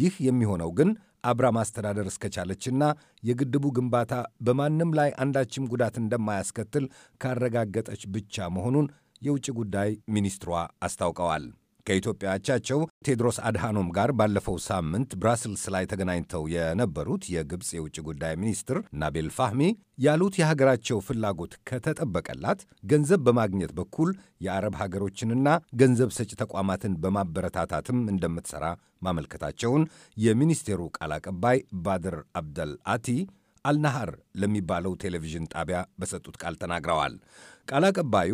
S7: ይህ የሚሆነው ግን አብራ ማስተዳደር እስከቻለችና የግድቡ ግንባታ በማንም ላይ አንዳችም ጉዳት እንደማያስከትል ካረጋገጠች ብቻ መሆኑን የውጭ ጉዳይ ሚኒስትሯ አስታውቀዋል። ከኢትዮጵያ አቻቸው ቴድሮስ አድሃኖም ጋር ባለፈው ሳምንት ብራስልስ ላይ ተገናኝተው የነበሩት የግብፅ የውጭ ጉዳይ ሚኒስትር ናቤል ፋህሚ ያሉት የሀገራቸው ፍላጎት ከተጠበቀላት ገንዘብ በማግኘት በኩል የአረብ ሀገሮችንና ገንዘብ ሰጪ ተቋማትን በማበረታታትም እንደምትሰራ ማመልከታቸውን የሚኒስቴሩ ቃል አቀባይ ባድር አብደል አቲ አልናሃር ለሚባለው ቴሌቪዥን ጣቢያ በሰጡት ቃል ተናግረዋል። ቃል አቀባዩ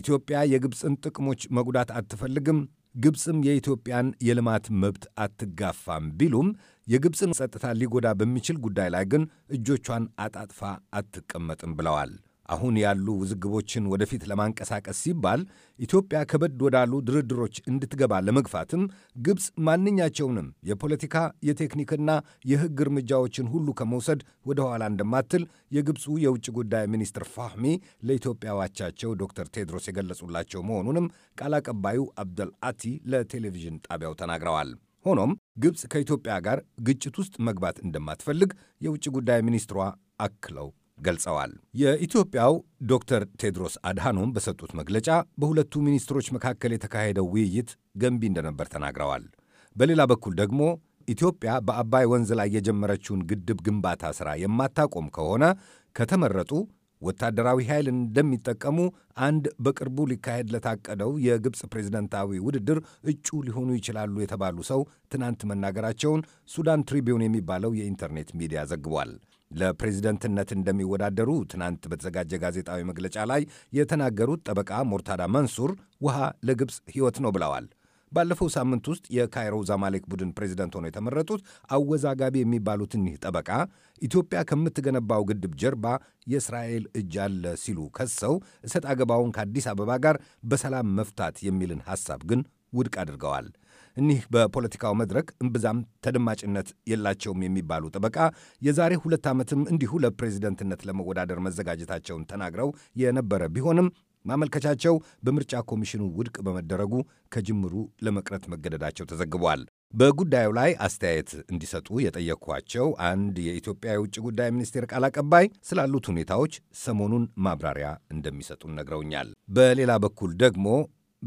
S7: ኢትዮጵያ የግብፅን ጥቅሞች መጉዳት አትፈልግም፣ ግብፅም የኢትዮጵያን የልማት መብት አትጋፋም ቢሉም የግብፅን ጸጥታ ሊጎዳ በሚችል ጉዳይ ላይ ግን እጆቿን አጣጥፋ አትቀመጥም ብለዋል። አሁን ያሉ ውዝግቦችን ወደፊት ለማንቀሳቀስ ሲባል ኢትዮጵያ ከበድ ወዳሉ ድርድሮች እንድትገባ ለመግፋትም ግብፅ ማንኛቸውንም የፖለቲካ የቴክኒክና የሕግ እርምጃዎችን ሁሉ ከመውሰድ ወደ ኋላ እንደማትል የግብፁ የውጭ ጉዳይ ሚኒስትር ፋህሚ ለኢትዮጵያ ዋቻቸው ዶክተር ቴድሮስ የገለጹላቸው መሆኑንም ቃል አቀባዩ አብደል አቲ ለቴሌቪዥን ጣቢያው ተናግረዋል። ሆኖም ግብፅ ከኢትዮጵያ ጋር ግጭት ውስጥ መግባት እንደማትፈልግ የውጭ ጉዳይ ሚኒስትሯ አክለው ገልጸዋል። የኢትዮጵያው ዶክተር ቴድሮስ አድሃኖም በሰጡት መግለጫ በሁለቱ ሚኒስትሮች መካከል የተካሄደው ውይይት ገንቢ እንደነበር ተናግረዋል። በሌላ በኩል ደግሞ ኢትዮጵያ በአባይ ወንዝ ላይ የጀመረችውን ግድብ ግንባታ ሥራ የማታቆም ከሆነ ከተመረጡ ወታደራዊ ኃይል እንደሚጠቀሙ አንድ በቅርቡ ሊካሄድ ለታቀደው የግብፅ ፕሬዝደንታዊ ውድድር እጩ ሊሆኑ ይችላሉ የተባሉ ሰው ትናንት መናገራቸውን ሱዳን ትሪቢዩን የሚባለው የኢንተርኔት ሚዲያ ዘግቧል። ለፕሬዝደንትነት እንደሚወዳደሩ ትናንት በተዘጋጀ ጋዜጣዊ መግለጫ ላይ የተናገሩት ጠበቃ ሞርታዳ መንሱር ውሃ ለግብፅ ሕይወት ነው ብለዋል። ባለፈው ሳምንት ውስጥ የካይሮ ዛማሌክ ቡድን ፕሬዚደንት ሆነው የተመረጡት አወዛጋቢ የሚባሉት እኒህ ጠበቃ ኢትዮጵያ ከምትገነባው ግድብ ጀርባ የእስራኤል እጅ አለ ሲሉ ከሰው እሰጥ አገባውን ከአዲስ አበባ ጋር በሰላም መፍታት የሚልን ሐሳብ ግን ውድቅ አድርገዋል። እኒህ በፖለቲካው መድረክ እምብዛም ተደማጭነት የላቸውም የሚባሉ ጠበቃ የዛሬ ሁለት ዓመትም እንዲሁ ለፕሬዚደንትነት ለመወዳደር መዘጋጀታቸውን ተናግረው የነበረ ቢሆንም ማመልከቻቸው በምርጫ ኮሚሽኑ ውድቅ በመደረጉ ከጅምሩ ለመቅረት መገደዳቸው ተዘግቧል። በጉዳዩ ላይ አስተያየት እንዲሰጡ የጠየቅኳቸው አንድ የኢትዮጵያ የውጭ ጉዳይ ሚኒስቴር ቃል አቀባይ ስላሉት ሁኔታዎች ሰሞኑን ማብራሪያ እንደሚሰጡን ነግረውኛል። በሌላ በኩል ደግሞ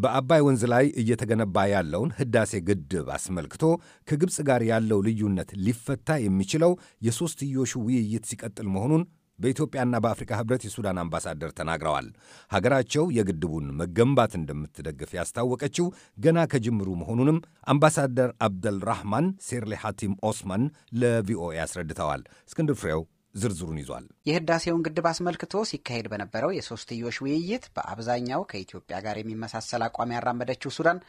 S7: በአባይ ወንዝ ላይ እየተገነባ ያለውን ህዳሴ ግድብ አስመልክቶ ከግብፅ ጋር ያለው ልዩነት ሊፈታ የሚችለው የሦስትዮሹ ውይይት ሲቀጥል መሆኑን በኢትዮጵያና በአፍሪካ ህብረት የሱዳን አምባሳደር ተናግረዋል። ሀገራቸው የግድቡን መገንባት እንደምትደግፍ ያስታወቀችው ገና ከጅምሩ መሆኑንም አምባሳደር አብደልራህማን ሴርሌ ሐቲም ኦስማን ለቪኦኤ አስረድተዋል። እስክንድር ፍሬው ዝርዝሩን ይዟል።
S8: የህዳሴውን ግድብ አስመልክቶ ሲካሄድ በነበረው የሶስትዮሽ ውይይት በአብዛኛው ከኢትዮጵያ ጋር የሚመሳሰል አቋም ያራመደችው ሱዳን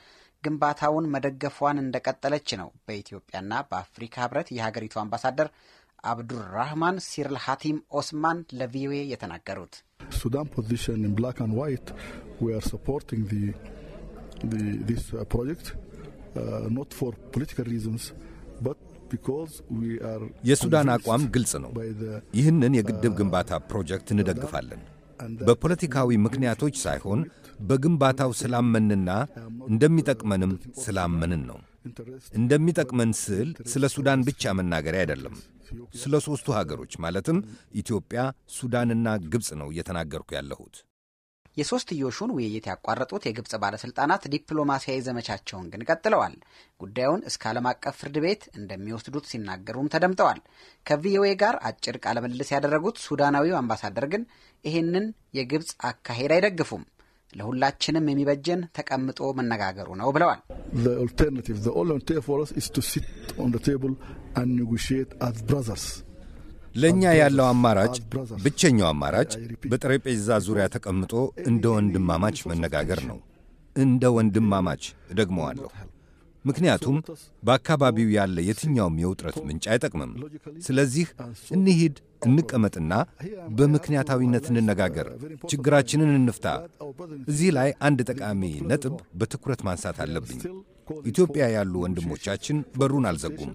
S8: ግንባታውን መደገፏን እንደቀጠለች ነው በኢትዮጵያና በአፍሪካ ህብረት የሀገሪቱ አምባሳደር አብዱራህማን ሲርል ሀቲም ኦስማን ለቪኦኤ የተናገሩት
S4: ሱዳን ፖዚሽን ኢን ብላክ አንድ ዋይት ዊ አር ሰፖርቲንግ ፕሮጀክት ኖት ፎር ፖለቲካል ሪዝንስ የሱዳን አቋም ግልጽ ነው። ይህንን የግድብ uh,
S7: ግንባታ ፕሮጀክት እንደግፋለን። በፖለቲካዊ ምክንያቶች ሳይሆን በግንባታው ስላመንና እንደሚጠቅመንም ስላመንን ነው። እንደሚጠቅመን ስል ስለ ሱዳን ብቻ መናገር አይደለም። ስለ ሦስቱ ሀገሮች ማለትም ኢትዮጵያ፣ ሱዳንና ግብፅ ነው እየተናገርኩ ያለሁት። የሶስትዮሹን ውይይት
S8: ያቋረጡት የግብፅ ባለስልጣናት ዲፕሎማሲያዊ ዘመቻቸውን ግን ቀጥለዋል። ጉዳዩን እስከ ዓለም አቀፍ ፍርድ ቤት እንደሚወስዱት ሲናገሩም ተደምጠዋል። ከቪኦኤ ጋር አጭር ቃለ ምልልስ ያደረጉት ሱዳናዊው አምባሳደር ግን ይህንን የግብፅ አካሄድ አይደግፉም። ለሁላችንም የሚበጀን ተቀምጦ መነጋገሩ ነው ብለዋል።
S4: ኦልተርናቲቭ ኦንሊ ኦልተርናቲቭ ፎር አስ ቱ ሲት ኦን ቴብል ኤንድ ኔጎሺዬት ብራዘርስ ለእኛ ያለው አማራጭ
S7: ብቸኛው አማራጭ በጠረጴዛ ዙሪያ ተቀምጦ እንደ ወንድማማች መነጋገር ነው። እንደ ወንድማማች እደግመዋለሁ። ምክንያቱም በአካባቢው ያለ የትኛውም የውጥረት ምንጭ አይጠቅምም። ስለዚህ እንሂድ፣ እንቀመጥና በምክንያታዊነት እንነጋገር፣ ችግራችንን እንፍታ። እዚህ ላይ አንድ ጠቃሚ ነጥብ በትኩረት ማንሳት አለብኝ። ኢትዮጵያ ያሉ ወንድሞቻችን በሩን አልዘጉም።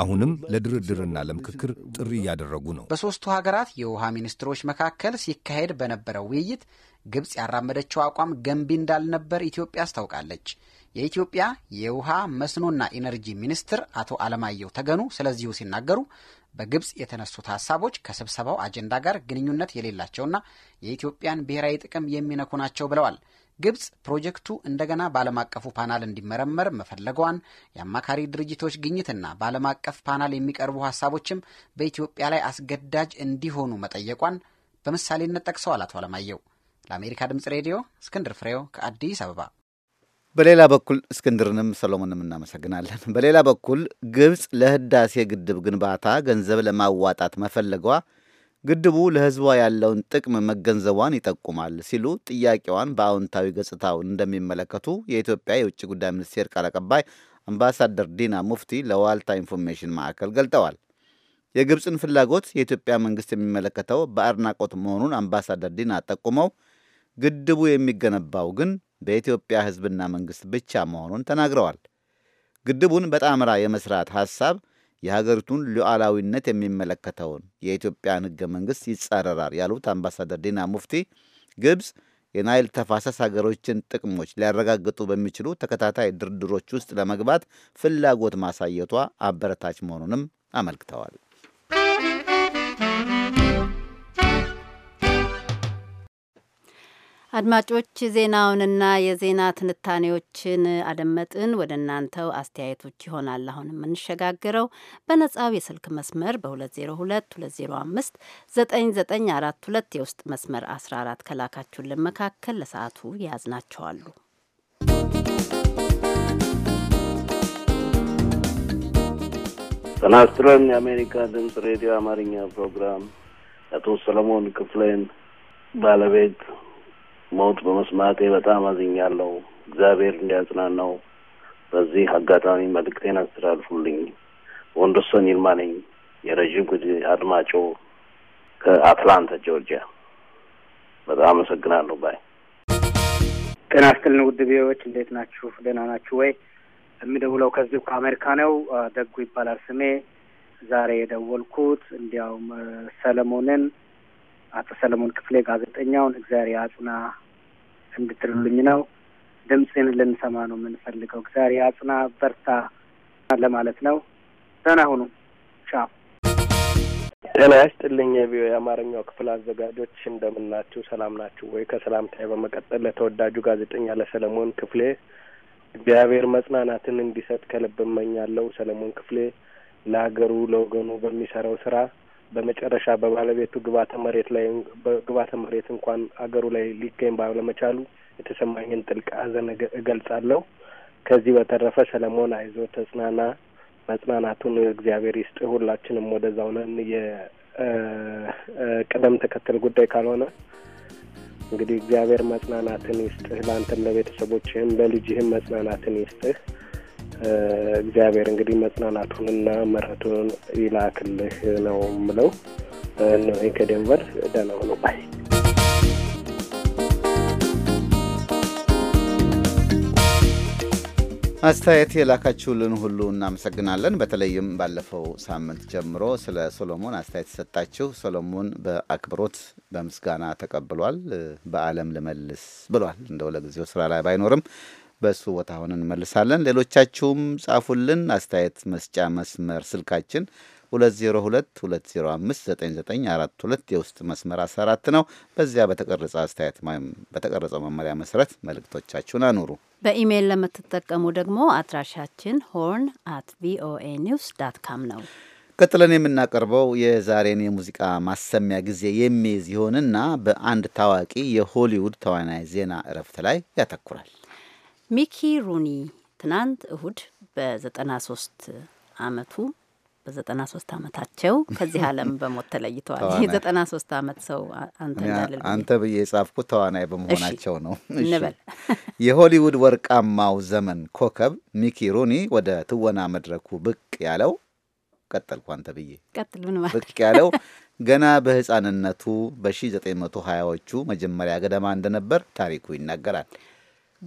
S7: አሁንም ለድርድርና ለምክክር ጥሪ እያደረጉ ነው። በሦስቱ ሀገራት
S8: የውሃ ሚኒስትሮች መካከል ሲካሄድ በነበረው ውይይት ግብፅ ያራመደችው አቋም ገንቢ እንዳልነበር ኢትዮጵያ አስታውቃለች። የኢትዮጵያ የውሃ መስኖና ኢነርጂ ሚኒስትር አቶ አለማየሁ ተገኑ ስለዚሁ ሲናገሩ በግብፅ የተነሱት ሀሳቦች ከስብሰባው አጀንዳ ጋር ግንኙነት የሌላቸውና የኢትዮጵያን ብሔራዊ ጥቅም የሚነኩ ናቸው ብለዋል። ግብጽ ፕሮጀክቱ እንደገና በዓለም አቀፉ ፓናል እንዲመረመር መፈለጓን የአማካሪ ድርጅቶች ግኝትና በዓለም አቀፍ ፓናል የሚቀርቡ ሀሳቦችም በኢትዮጵያ ላይ አስገዳጅ እንዲሆኑ መጠየቋን በምሳሌነት ጠቅሰዋል አቶ አለማየሁ። ለአሜሪካ ድምፅ ሬዲዮ እስክንድር ፍሬው ከአዲስ አበባ።
S2: በሌላ በኩል እስክንድርንም ሰሎሞንም እናመሰግናለን። በሌላ በኩል ግብጽ ለህዳሴ ግድብ ግንባታ ገንዘብ ለማዋጣት መፈለጓ ግድቡ ለሕዝቧ ያለውን ጥቅም መገንዘቧን ይጠቁማል ሲሉ ጥያቄዋን በአዎንታዊ ገጽታው እንደሚመለከቱ የኢትዮጵያ የውጭ ጉዳይ ሚኒስቴር ቃል አቀባይ አምባሳደር ዲና ሙፍቲ ለዋልታ ኢንፎርሜሽን ማዕከል ገልጠዋል። የግብፅን ፍላጎት የኢትዮጵያ መንግስት የሚመለከተው በአድናቆት መሆኑን አምባሳደር ዲና ጠቁመው ግድቡ የሚገነባው ግን በኢትዮጵያ ሕዝብና መንግስት ብቻ መሆኑን ተናግረዋል። ግድቡን በጣምራ የመስራት ሐሳብ የሀገሪቱን ሉዓላዊነት የሚመለከተውን የኢትዮጵያን ህገ መንግስት ይጻረራል ያሉት አምባሳደር ዲና ሙፍቲ ግብፅ የናይል ተፋሰስ ሀገሮችን ጥቅሞች ሊያረጋግጡ በሚችሉ ተከታታይ ድርድሮች ውስጥ ለመግባት ፍላጎት ማሳየቷ አበረታች መሆኑንም አመልክተዋል።
S1: አድማጮች ዜናውንና የዜና ትንታኔዎችን አደመጥን። ወደ እናንተው አስተያየቶች ይሆናል አሁን የምንሸጋግረው። በነጻው የስልክ መስመር በ 9942 የውስጥ መስመር 14 ከላካችሁልን መካከል ለሰዓቱ የያዝናቸዋሉ።
S3: ጤና ይስጥልን። የአሜሪካ ድምጽ ሬዲዮ አማርኛ ፕሮግራም አቶ
S2: ሰለሞን ክፍሌን ባለቤት ሞት በመስማቴ በጣም አዝኛለሁ። እግዚአብሔር እንዲያጽናናው በዚህ አጋጣሚ መልእክቴን አስተላልፉልኝ።
S3: ወንዶሰን ይልማ ነኝ የረዥም ጊዜ አድማጮ ከአትላንታ ጆርጂያ። በጣም አመሰግናለሁ። ባይ ጤና
S8: ይስጥልን ውድ ቢዎች እንዴት ናችሁ? ደህና ናችሁ ወይ? የሚደውለው ከዚሁ ከአሜሪካ ነው። ደጉ ይባላል ስሜ። ዛሬ የደወልኩት እንዲያውም ሰለሞንን አቶ ሰለሞን ክፍሌ ጋዜጠኛውን እግዚአብሔር አጽና እንድትልልኝ ነው። ድምፅህን ልንሰማ ነው የምንፈልገው። እግዚአብሔር አጽና፣ በርታ ለማለት
S4: ነው። ደህና ሁኑ። ቻው።
S3: ጤና ያስጥልኝ የቪኦኤ የአማርኛው ክፍል አዘጋጆች ናችሁ? ሰላም ናችሁ ወይ? ከሰላምታዬ በመቀጠል ለተወዳጁ ጋዜጠኛ
S7: ለሰለሞን ክፍሌ እግዚአብሔር መጽናናትን እንዲሰጥ ከልብ እመኛለሁ። ሰለሞን ክፍሌ ለሀገሩ ለወገኑ በሚሰራው ስራ በመጨረሻ በባለቤቱ ግባተ መሬት ላይ በግባተ መሬት እንኳን አገሩ ላይ ሊገኝ ባለመቻሉ የተሰማኝን ጥልቅ ሐዘን እገልጻለሁ። ከዚህ በተረፈ ሰለሞን አይዞ ተጽናና፣ መጽናናቱን እግዚአብሔር ይስጥ ሁላችንም ወደዛው ነን። የቅደም ተከተል ጉዳይ ካልሆነ እንግዲህ እግዚአብሔር መጽናናትን ይስጥህ። ለአንተም ለቤተሰቦችህም ለልጅህም መጽናናትን ይስጥህ። እግዚአብሔር እንግዲህ
S3: መጽናናቱንና ምሕረቱን ይላክልህ ነው ምለው። እነሆኝ ከደንቨር ደህና ሁኑ ባይ
S2: አስተያየት የላካችሁልን ሁሉ እናመሰግናለን። በተለይም ባለፈው ሳምንት ጀምሮ ስለ ሶሎሞን አስተያየት ሰጣችሁ። ሶሎሞን በአክብሮት በምስጋና ተቀብሏል። በዓለም ልመልስ ብሏል። እንደው ለጊዜው ስራ ላይ ባይኖርም በእሱ ቦታ ሆን እንመልሳለን። ሌሎቻችሁም ጻፉልን። አስተያየት መስጫ መስመር ስልካችን 2022059942 የውስጥ መስመር 14 ነው። በዚያ በተቀረጸ አስተያየት በተቀረጸው መመሪያ መሰረት መልእክቶቻችሁን አኑሩ።
S1: በኢሜይል ለምትጠቀሙ ደግሞ አድራሻችን ሆርን አት ቪኦኤ ኒውስ ዳት ካም ነው።
S2: ቀጥለን የምናቀርበው የዛሬን የሙዚቃ ማሰሚያ ጊዜ የሚይዝ ይሆንና በአንድ ታዋቂ የሆሊውድ ተዋናይ ዜና እረፍት ላይ ያተኩራል።
S1: ሚኪ ሩኒ ትናንት እሁድ በ93 አመቱ በ93 አመታቸው ከዚህ ዓለም በሞት ተለይተዋል። የ93 አመት ሰው አንተ
S2: ብዬ የጻፍኩት ተዋናይ በመሆናቸው ነው። እንበል የሆሊውድ ወርቃማው ዘመን ኮከብ ሚኪ ሩኒ ወደ ትወና መድረኩ ብቅ ያለው ቀጠልኩ አንተ ብዬ
S1: ቀጥል ምን ማለት
S2: ብቅ ያለው ገና በህፃንነቱ በ1920ዎቹ መጀመሪያ ገደማ እንደነበር ታሪኩ ይናገራል።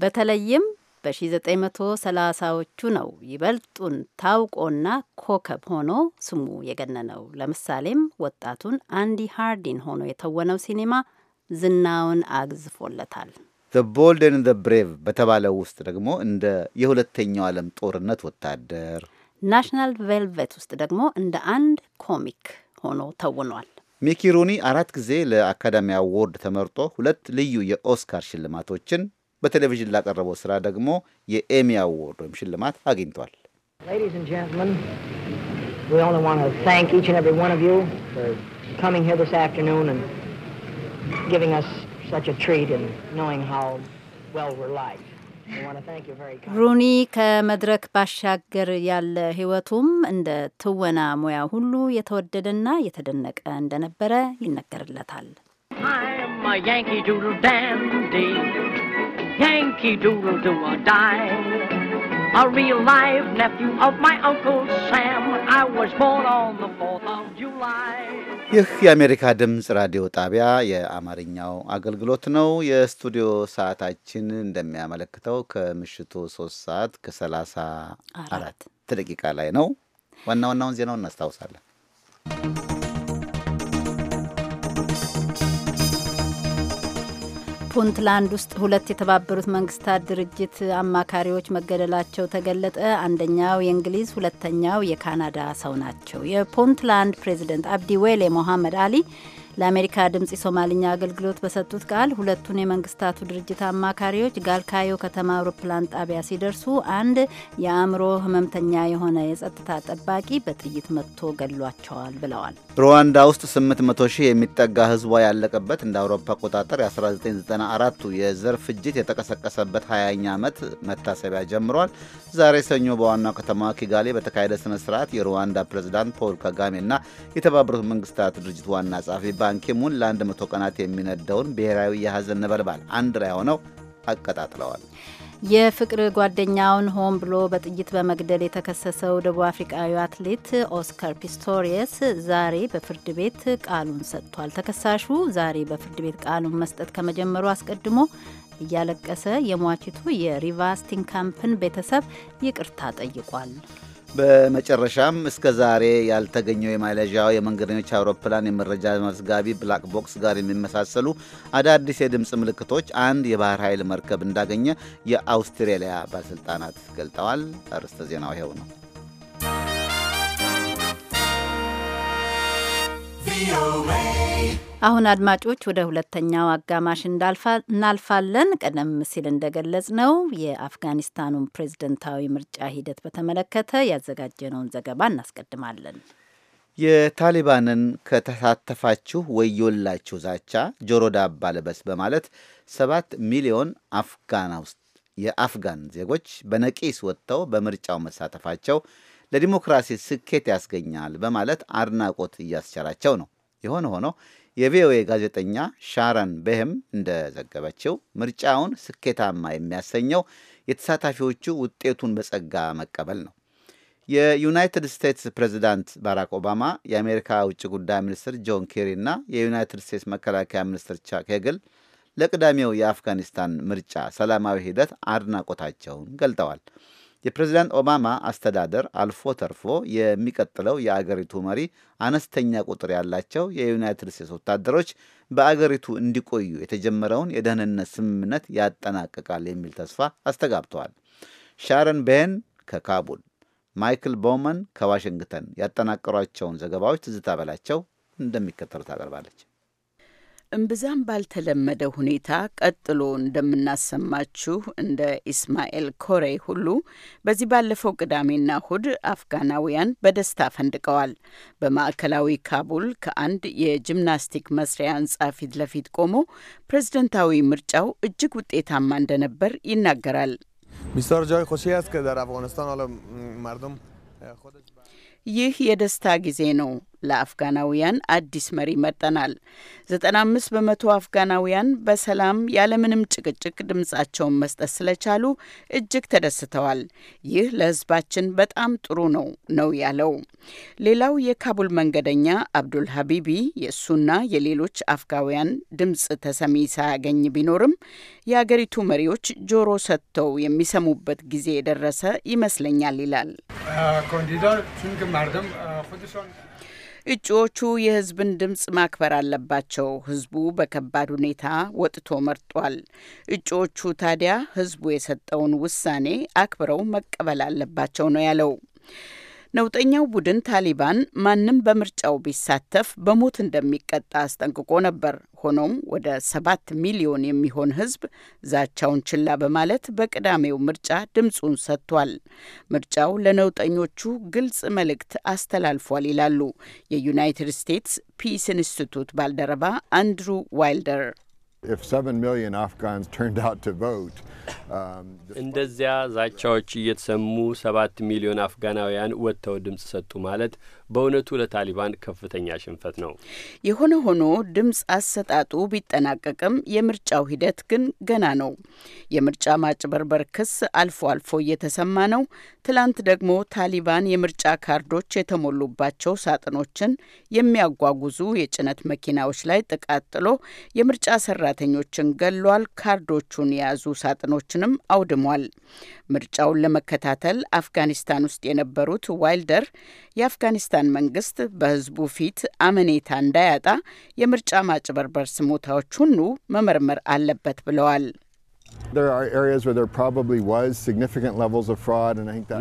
S1: በተለይም በ1930ዎቹ ነው ይበልጡን ታውቆና ኮከብ ሆኖ ስሙ የገነነው። ለምሳሌም ወጣቱን አንዲ ሃርዲን ሆኖ የተወነው ሲኔማ ዝናውን አግዝፎለታል።
S2: ዘ ቦልደን ዘ ብሬቭ በተባለው ውስጥ ደግሞ እንደ የሁለተኛው ዓለም ጦርነት ወታደር፣
S1: ናሽናል ቬልቬት ውስጥ ደግሞ እንደ አንድ ኮሚክ ሆኖ ተውኗል።
S2: ሚኪ ሩኒ አራት ጊዜ ለአካዳሚ አዎርድ ተመርጦ ሁለት ልዩ የኦስካር ሽልማቶችን በቴሌቪዥን ላቀረበው ስራ ደግሞ የኤሚ አዋርድ ወይም ሽልማት አግኝቷል።
S1: ሩኒ ከመድረክ ባሻገር ያለ ሕይወቱም እንደ ትወና ሙያ ሁሉ የተወደደና የተደነቀ እንደነበረ
S9: ይነገርለታል። Yankee Doodle do or die. A real live nephew of my Uncle
S3: Sam. I was born on the 4th of
S2: July. ይህ የአሜሪካ ድምፅ ራዲዮ ጣቢያ የአማርኛው አገልግሎት ነው። የስቱዲዮ ሰዓታችን እንደሚያመለክተው ከምሽቱ ሶስት ሰዓት ከሰላሳ አራት ደቂቃ ላይ ነው። ዋና ዋናውን ዜናው እናስታውሳለን።
S1: ፑንትላንድ ውስጥ ሁለት የተባበሩት መንግስታት ድርጅት አማካሪዎች መገደላቸው ተገለጠ። አንደኛው የእንግሊዝ ሁለተኛው የካናዳ ሰው ናቸው። የፑንትላንድ ፕሬዚደንት አብዲ ዌሌ ሞሐመድ አሊ ለአሜሪካ ድምፅ የሶማልኛ አገልግሎት በሰጡት ቃል ሁለቱን የመንግስታቱ ድርጅት አማካሪዎች ጋልካዮ ከተማ አውሮፕላን ጣቢያ ሲደርሱ አንድ የአእምሮ ህመምተኛ የሆነ የጸጥታ ጠባቂ በጥይት መጥቶ ገድሏቸዋል ብለዋል።
S2: ሩዋንዳ ውስጥ 800 ሺህ የሚጠጋ ህዝቧ ያለቀበት እንደ አውሮፓ አቆጣጠር የ1994ቱ የዘር ፍጅት የተቀሰቀሰበት 20ኛ ዓመት መታሰቢያ ጀምሯል። ዛሬ ሰኞ በዋናው ከተማ ኪጋሌ በተካሄደ ስነ ስርዓት የሩዋንዳ ፕሬዚዳንት ፖል እና የተባበሩት መንግስታት ድርጅት ዋና ጸሐፊ ባንኪሙን ለአንድ መቶ ቀናት የሚነደውን ብሔራዊ የሐዘን ነበልባል አንድ ላይ ሆነው አቀጣጥለዋል።
S1: የፍቅር ጓደኛውን ሆን ብሎ በጥይት በመግደል የተከሰሰው ደቡብ አፍሪካዊ አትሌት ኦስካር ፒስቶሪየስ ዛሬ በፍርድ ቤት ቃሉን ሰጥቷል። ተከሳሹ ዛሬ በፍርድ ቤት ቃሉን መስጠት ከመጀመሩ አስቀድሞ እያለቀሰ የሟቺቱ የሪቫ ስቲንካምፕን ቤተሰብ ይቅርታ ጠይቋል።
S2: በመጨረሻም እስከ ዛሬ ያልተገኘው የማሌዥያው የመንገደኞች አውሮፕላን የመረጃ መዝጋቢ ብላክ ቦክስ ጋር የሚመሳሰሉ አዳዲስ የድምፅ ምልክቶች አንድ የባህር ኃይል መርከብ እንዳገኘ የአውስትሬሊያ ባለሥልጣናት ገልጠዋል። አርዕስተ ዜናው ይኸው ነው።
S4: ቪኦኤ
S1: አሁን አድማጮች ወደ ሁለተኛው አጋማሽ እናልፋለን። ቀደም ሲል እንደገለጽ ነው የአፍጋኒስታኑን ፕሬዝደንታዊ ምርጫ ሂደት በተመለከተ ያዘጋጀነውን ዘገባ እናስቀድማለን።
S2: የታሊባንን ከተሳተፋችሁ ወዮላችሁ ዛቻ ጆሮ ዳባ ልበስ በማለት ሰባት ሚሊዮን አፍጋና ውስጥ የአፍጋን ዜጎች በነቂስ ወጥተው በምርጫው መሳተፋቸው ለዲሞክራሲ ስኬት ያስገኛል በማለት አድናቆት እያስቸራቸው ነው። የሆነ ሆኖ የቪኦኤ ጋዜጠኛ ሻረን በህም እንደዘገበችው ምርጫውን ስኬታማ የሚያሰኘው የተሳታፊዎቹ ውጤቱን በጸጋ መቀበል ነው። የዩናይትድ ስቴትስ ፕሬዚዳንት ባራክ ኦባማ፣ የአሜሪካ ውጭ ጉዳይ ሚኒስትር ጆን ኬሪ እና የዩናይትድ ስቴትስ መከላከያ ሚኒስትር ቻክ ሄግል ለቅዳሜው የአፍጋኒስታን ምርጫ ሰላማዊ ሂደት አድናቆታቸውን ገልጠዋል። የፕሬዚዳንት ኦባማ አስተዳደር አልፎ ተርፎ የሚቀጥለው የአገሪቱ መሪ አነስተኛ ቁጥር ያላቸው የዩናይትድ ስቴትስ ወታደሮች በአገሪቱ እንዲቆዩ የተጀመረውን የደህንነት ስምምነት ያጠናቅቃል የሚል ተስፋ አስተጋብተዋል። ሻረን ቤን ከካቡል፣ ማይክል ቦውመን ከዋሽንግተን ያጠናቀሯቸውን ዘገባዎች ትዝታ በላቸው እንደሚከተሉት ታቀርባለች።
S9: እምብዛም ባልተለመደ ሁኔታ ቀጥሎ እንደምናሰማችሁ እንደ ኢስማኤል ኮሬ ሁሉ በዚህ ባለፈው ቅዳሜና እሁድ አፍጋናውያን በደስታ ፈንድቀዋል። በማዕከላዊ ካቡል ከአንድ የጂምናስቲክ መስሪያ ህንጻ ፊት ለፊት ቆሞ ፕሬዝደንታዊ ምርጫው እጅግ ውጤታማ እንደነበር ይናገራል።
S4: ሚስተር አፍጋኒስታን አለ
S9: ይህ የደስታ ጊዜ ነው። ለአፍጋናውያን አዲስ መሪ መርጠናል። 95 በመቶ አፍጋናውያን በሰላም ያለምንም ጭቅጭቅ ድምጻቸውን መስጠት ስለቻሉ እጅግ ተደስተዋል። ይህ ለሕዝባችን በጣም ጥሩ ነው ነው ያለው። ሌላው የካቡል መንገደኛ አብዱል ሀቢቢ የእሱና የሌሎች አፍጋውያን ድምፅ ተሰሚ ሳያገኝ ቢኖርም የአገሪቱ መሪዎች ጆሮ ሰጥተው የሚሰሙበት ጊዜ የደረሰ ይመስለኛል ይላል። እጩዎቹ የህዝብን ድምፅ ማክበር አለባቸው። ህዝቡ በከባድ ሁኔታ ወጥቶ መርጧል። እጩዎቹ ታዲያ ህዝቡ የሰጠውን ውሳኔ አክብረው መቀበል አለባቸው ነው ያለው። ነውጠኛው ቡድን ታሊባን ማንም በምርጫው ቢሳተፍ በሞት እንደሚቀጣ አስጠንቅቆ ነበር። ሆኖም ወደ ሰባት ሚሊዮን የሚሆን ሕዝብ ዛቻውን ችላ በማለት በቅዳሜው ምርጫ ድምፁን ሰጥቷል። ምርጫው ለነውጠኞቹ ግልጽ መልእክት አስተላልፏል ይላሉ የዩናይትድ ስቴትስ ፒስ ኢንስቲቱት ባልደረባ አንድሩ ዋይልደር።
S3: Um, እንደዚያ ዛቻዎች እየተሰሙ ሰባት ሚሊዮን አፍጋናውያን ወጥተው ድምፅ ሰጡ ማለት በእውነቱ ለታሊባን ከፍተኛ ሽንፈት ነው። የሆነ ሆኖ ድምፅ
S9: አሰጣጡ ቢጠናቀቅም የምርጫው ሂደት ግን ገና ነው። የምርጫ ማጭበርበር ክስ አልፎ አልፎ እየተሰማ ነው። ትላንት ደግሞ ታሊባን የምርጫ ካርዶች የተሞሉባቸው ሳጥኖችን የሚያጓጉዙ የጭነት መኪናዎች ላይ ጥቃት ጥሎ የምርጫ ሰራተኞችን ገሏል። ካርዶቹን የያዙ ሳጥኖችንም አውድሟል። ምርጫውን ለመከታተል አፍጋኒስታን ውስጥ የነበሩት ዋይልደር የአፍጋኒስታን የፓኪስታን መንግስት በህዝቡ ፊት አመኔታ እንዳያጣ የምርጫ ማጭበርበር ስሞታዎች ሁሉ መመርመር አለበት ብለዋል።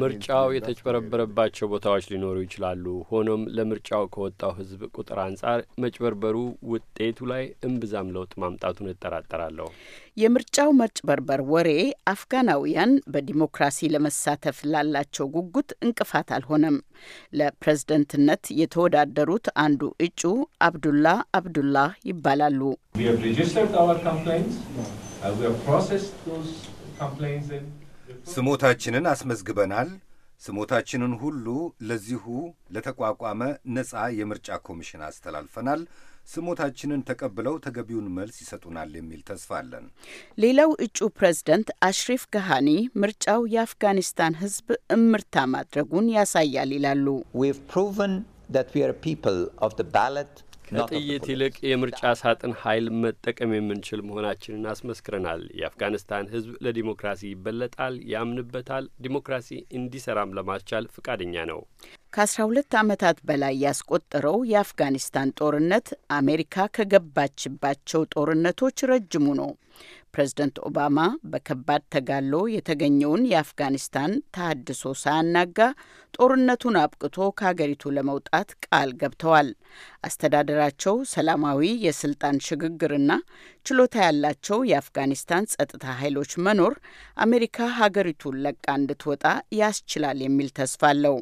S3: ምርጫው የተጭበረበረባቸው ቦታዎች ሊኖሩ ይችላሉ። ሆኖም ለምርጫው ከወጣው ሕዝብ ቁጥር አንጻር መጭበርበሩ ውጤቱ ላይ እምብዛም ለውጥ ማምጣቱን እጠራጠራለሁ።
S9: የምርጫው መጭበርበር ወሬ አፍጋናውያን በዲሞክራሲ ለመሳተፍ ላላቸው ጉጉት እንቅፋት አልሆነም። ለፕሬዝደንትነት የተወዳደሩት አንዱ እጩ አብዱላ አብዱላህ ይባላሉ።
S7: Uh, ስሞታችንን አስመዝግበናል። ስሞታችንን ሁሉ ለዚሁ ለተቋቋመ ነጻ የምርጫ ኮሚሽን አስተላልፈናል። ስሞታችንን ተቀብለው ተገቢውን መልስ ይሰጡናል የሚል ተስፋ አለን።
S9: ሌላው እጩ ፕሬዝደንት አሽሪፍ ገሃኒ ምርጫው የአፍጋኒስታን ሕዝብ እምርታ ማድረጉን ያሳያል ይላሉ።
S7: ከጥይት
S3: ይልቅ የምርጫ ሳጥን ኃይል መጠቀም የምንችል መሆናችንን አስመስክረናል። የአፍጋኒስታን ህዝብ ለዲሞክራሲ ይበለጣል፣ ያምንበታል። ዲሞክራሲ እንዲሰራም ለማስቻል ፍቃደኛ ነው።
S9: ከአስራ ሁለት ዓመታት በላይ ያስቆጠረው የአፍጋኒስታን ጦርነት አሜሪካ ከገባችባቸው ጦርነቶች ረጅሙ ነው። ፕሬዝደንት ኦባማ በከባድ ተጋድሎ የተገኘውን የአፍጋኒስታን ተሃድሶ ሳያናጋ ጦርነቱን አብቅቶ ከሀገሪቱ ለመውጣት ቃል ገብተዋል። አስተዳደራቸው ሰላማዊ የስልጣን ሽግግርና ችሎታ ያላቸው የአፍጋኒስታን ጸጥታ ኃይሎች መኖር አሜሪካ ሀገሪቱን ለቃ እንድትወጣ ያስችላል የሚል ተስፋ አለው።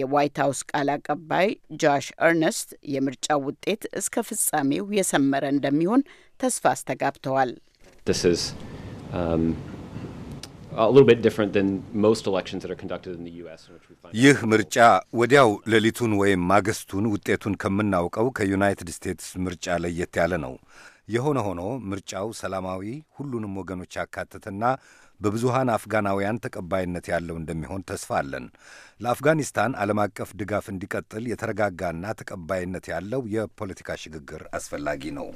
S9: የዋይት ሀውስ ቃል አቀባይ ጆሽ ኤርነስት የምርጫው ውጤት እስከ ፍጻሜው የሰመረ እንደሚሆን ተስፋ አስተጋብተዋል።
S3: This is um, ይህ ምርጫ
S7: ወዲያው ሌሊቱን ወይም ማግስቱን ውጤቱን ከምናውቀው ከዩናይትድ ስቴትስ ምርጫ ለየት ያለ ነው። የሆነ ሆኖ ምርጫው ሰላማዊ፣ ሁሉንም ወገኖች ያካተተና በብዙሃን አፍጋናውያን ተቀባይነት ያለው እንደሚሆን ተስፋ አለን። ለአፍጋኒስታን ዓለም አቀፍ ድጋፍ እንዲቀጥል የተረጋጋና ተቀባይነት ያለው የፖለቲካ ሽግግር አስፈላጊ ነው።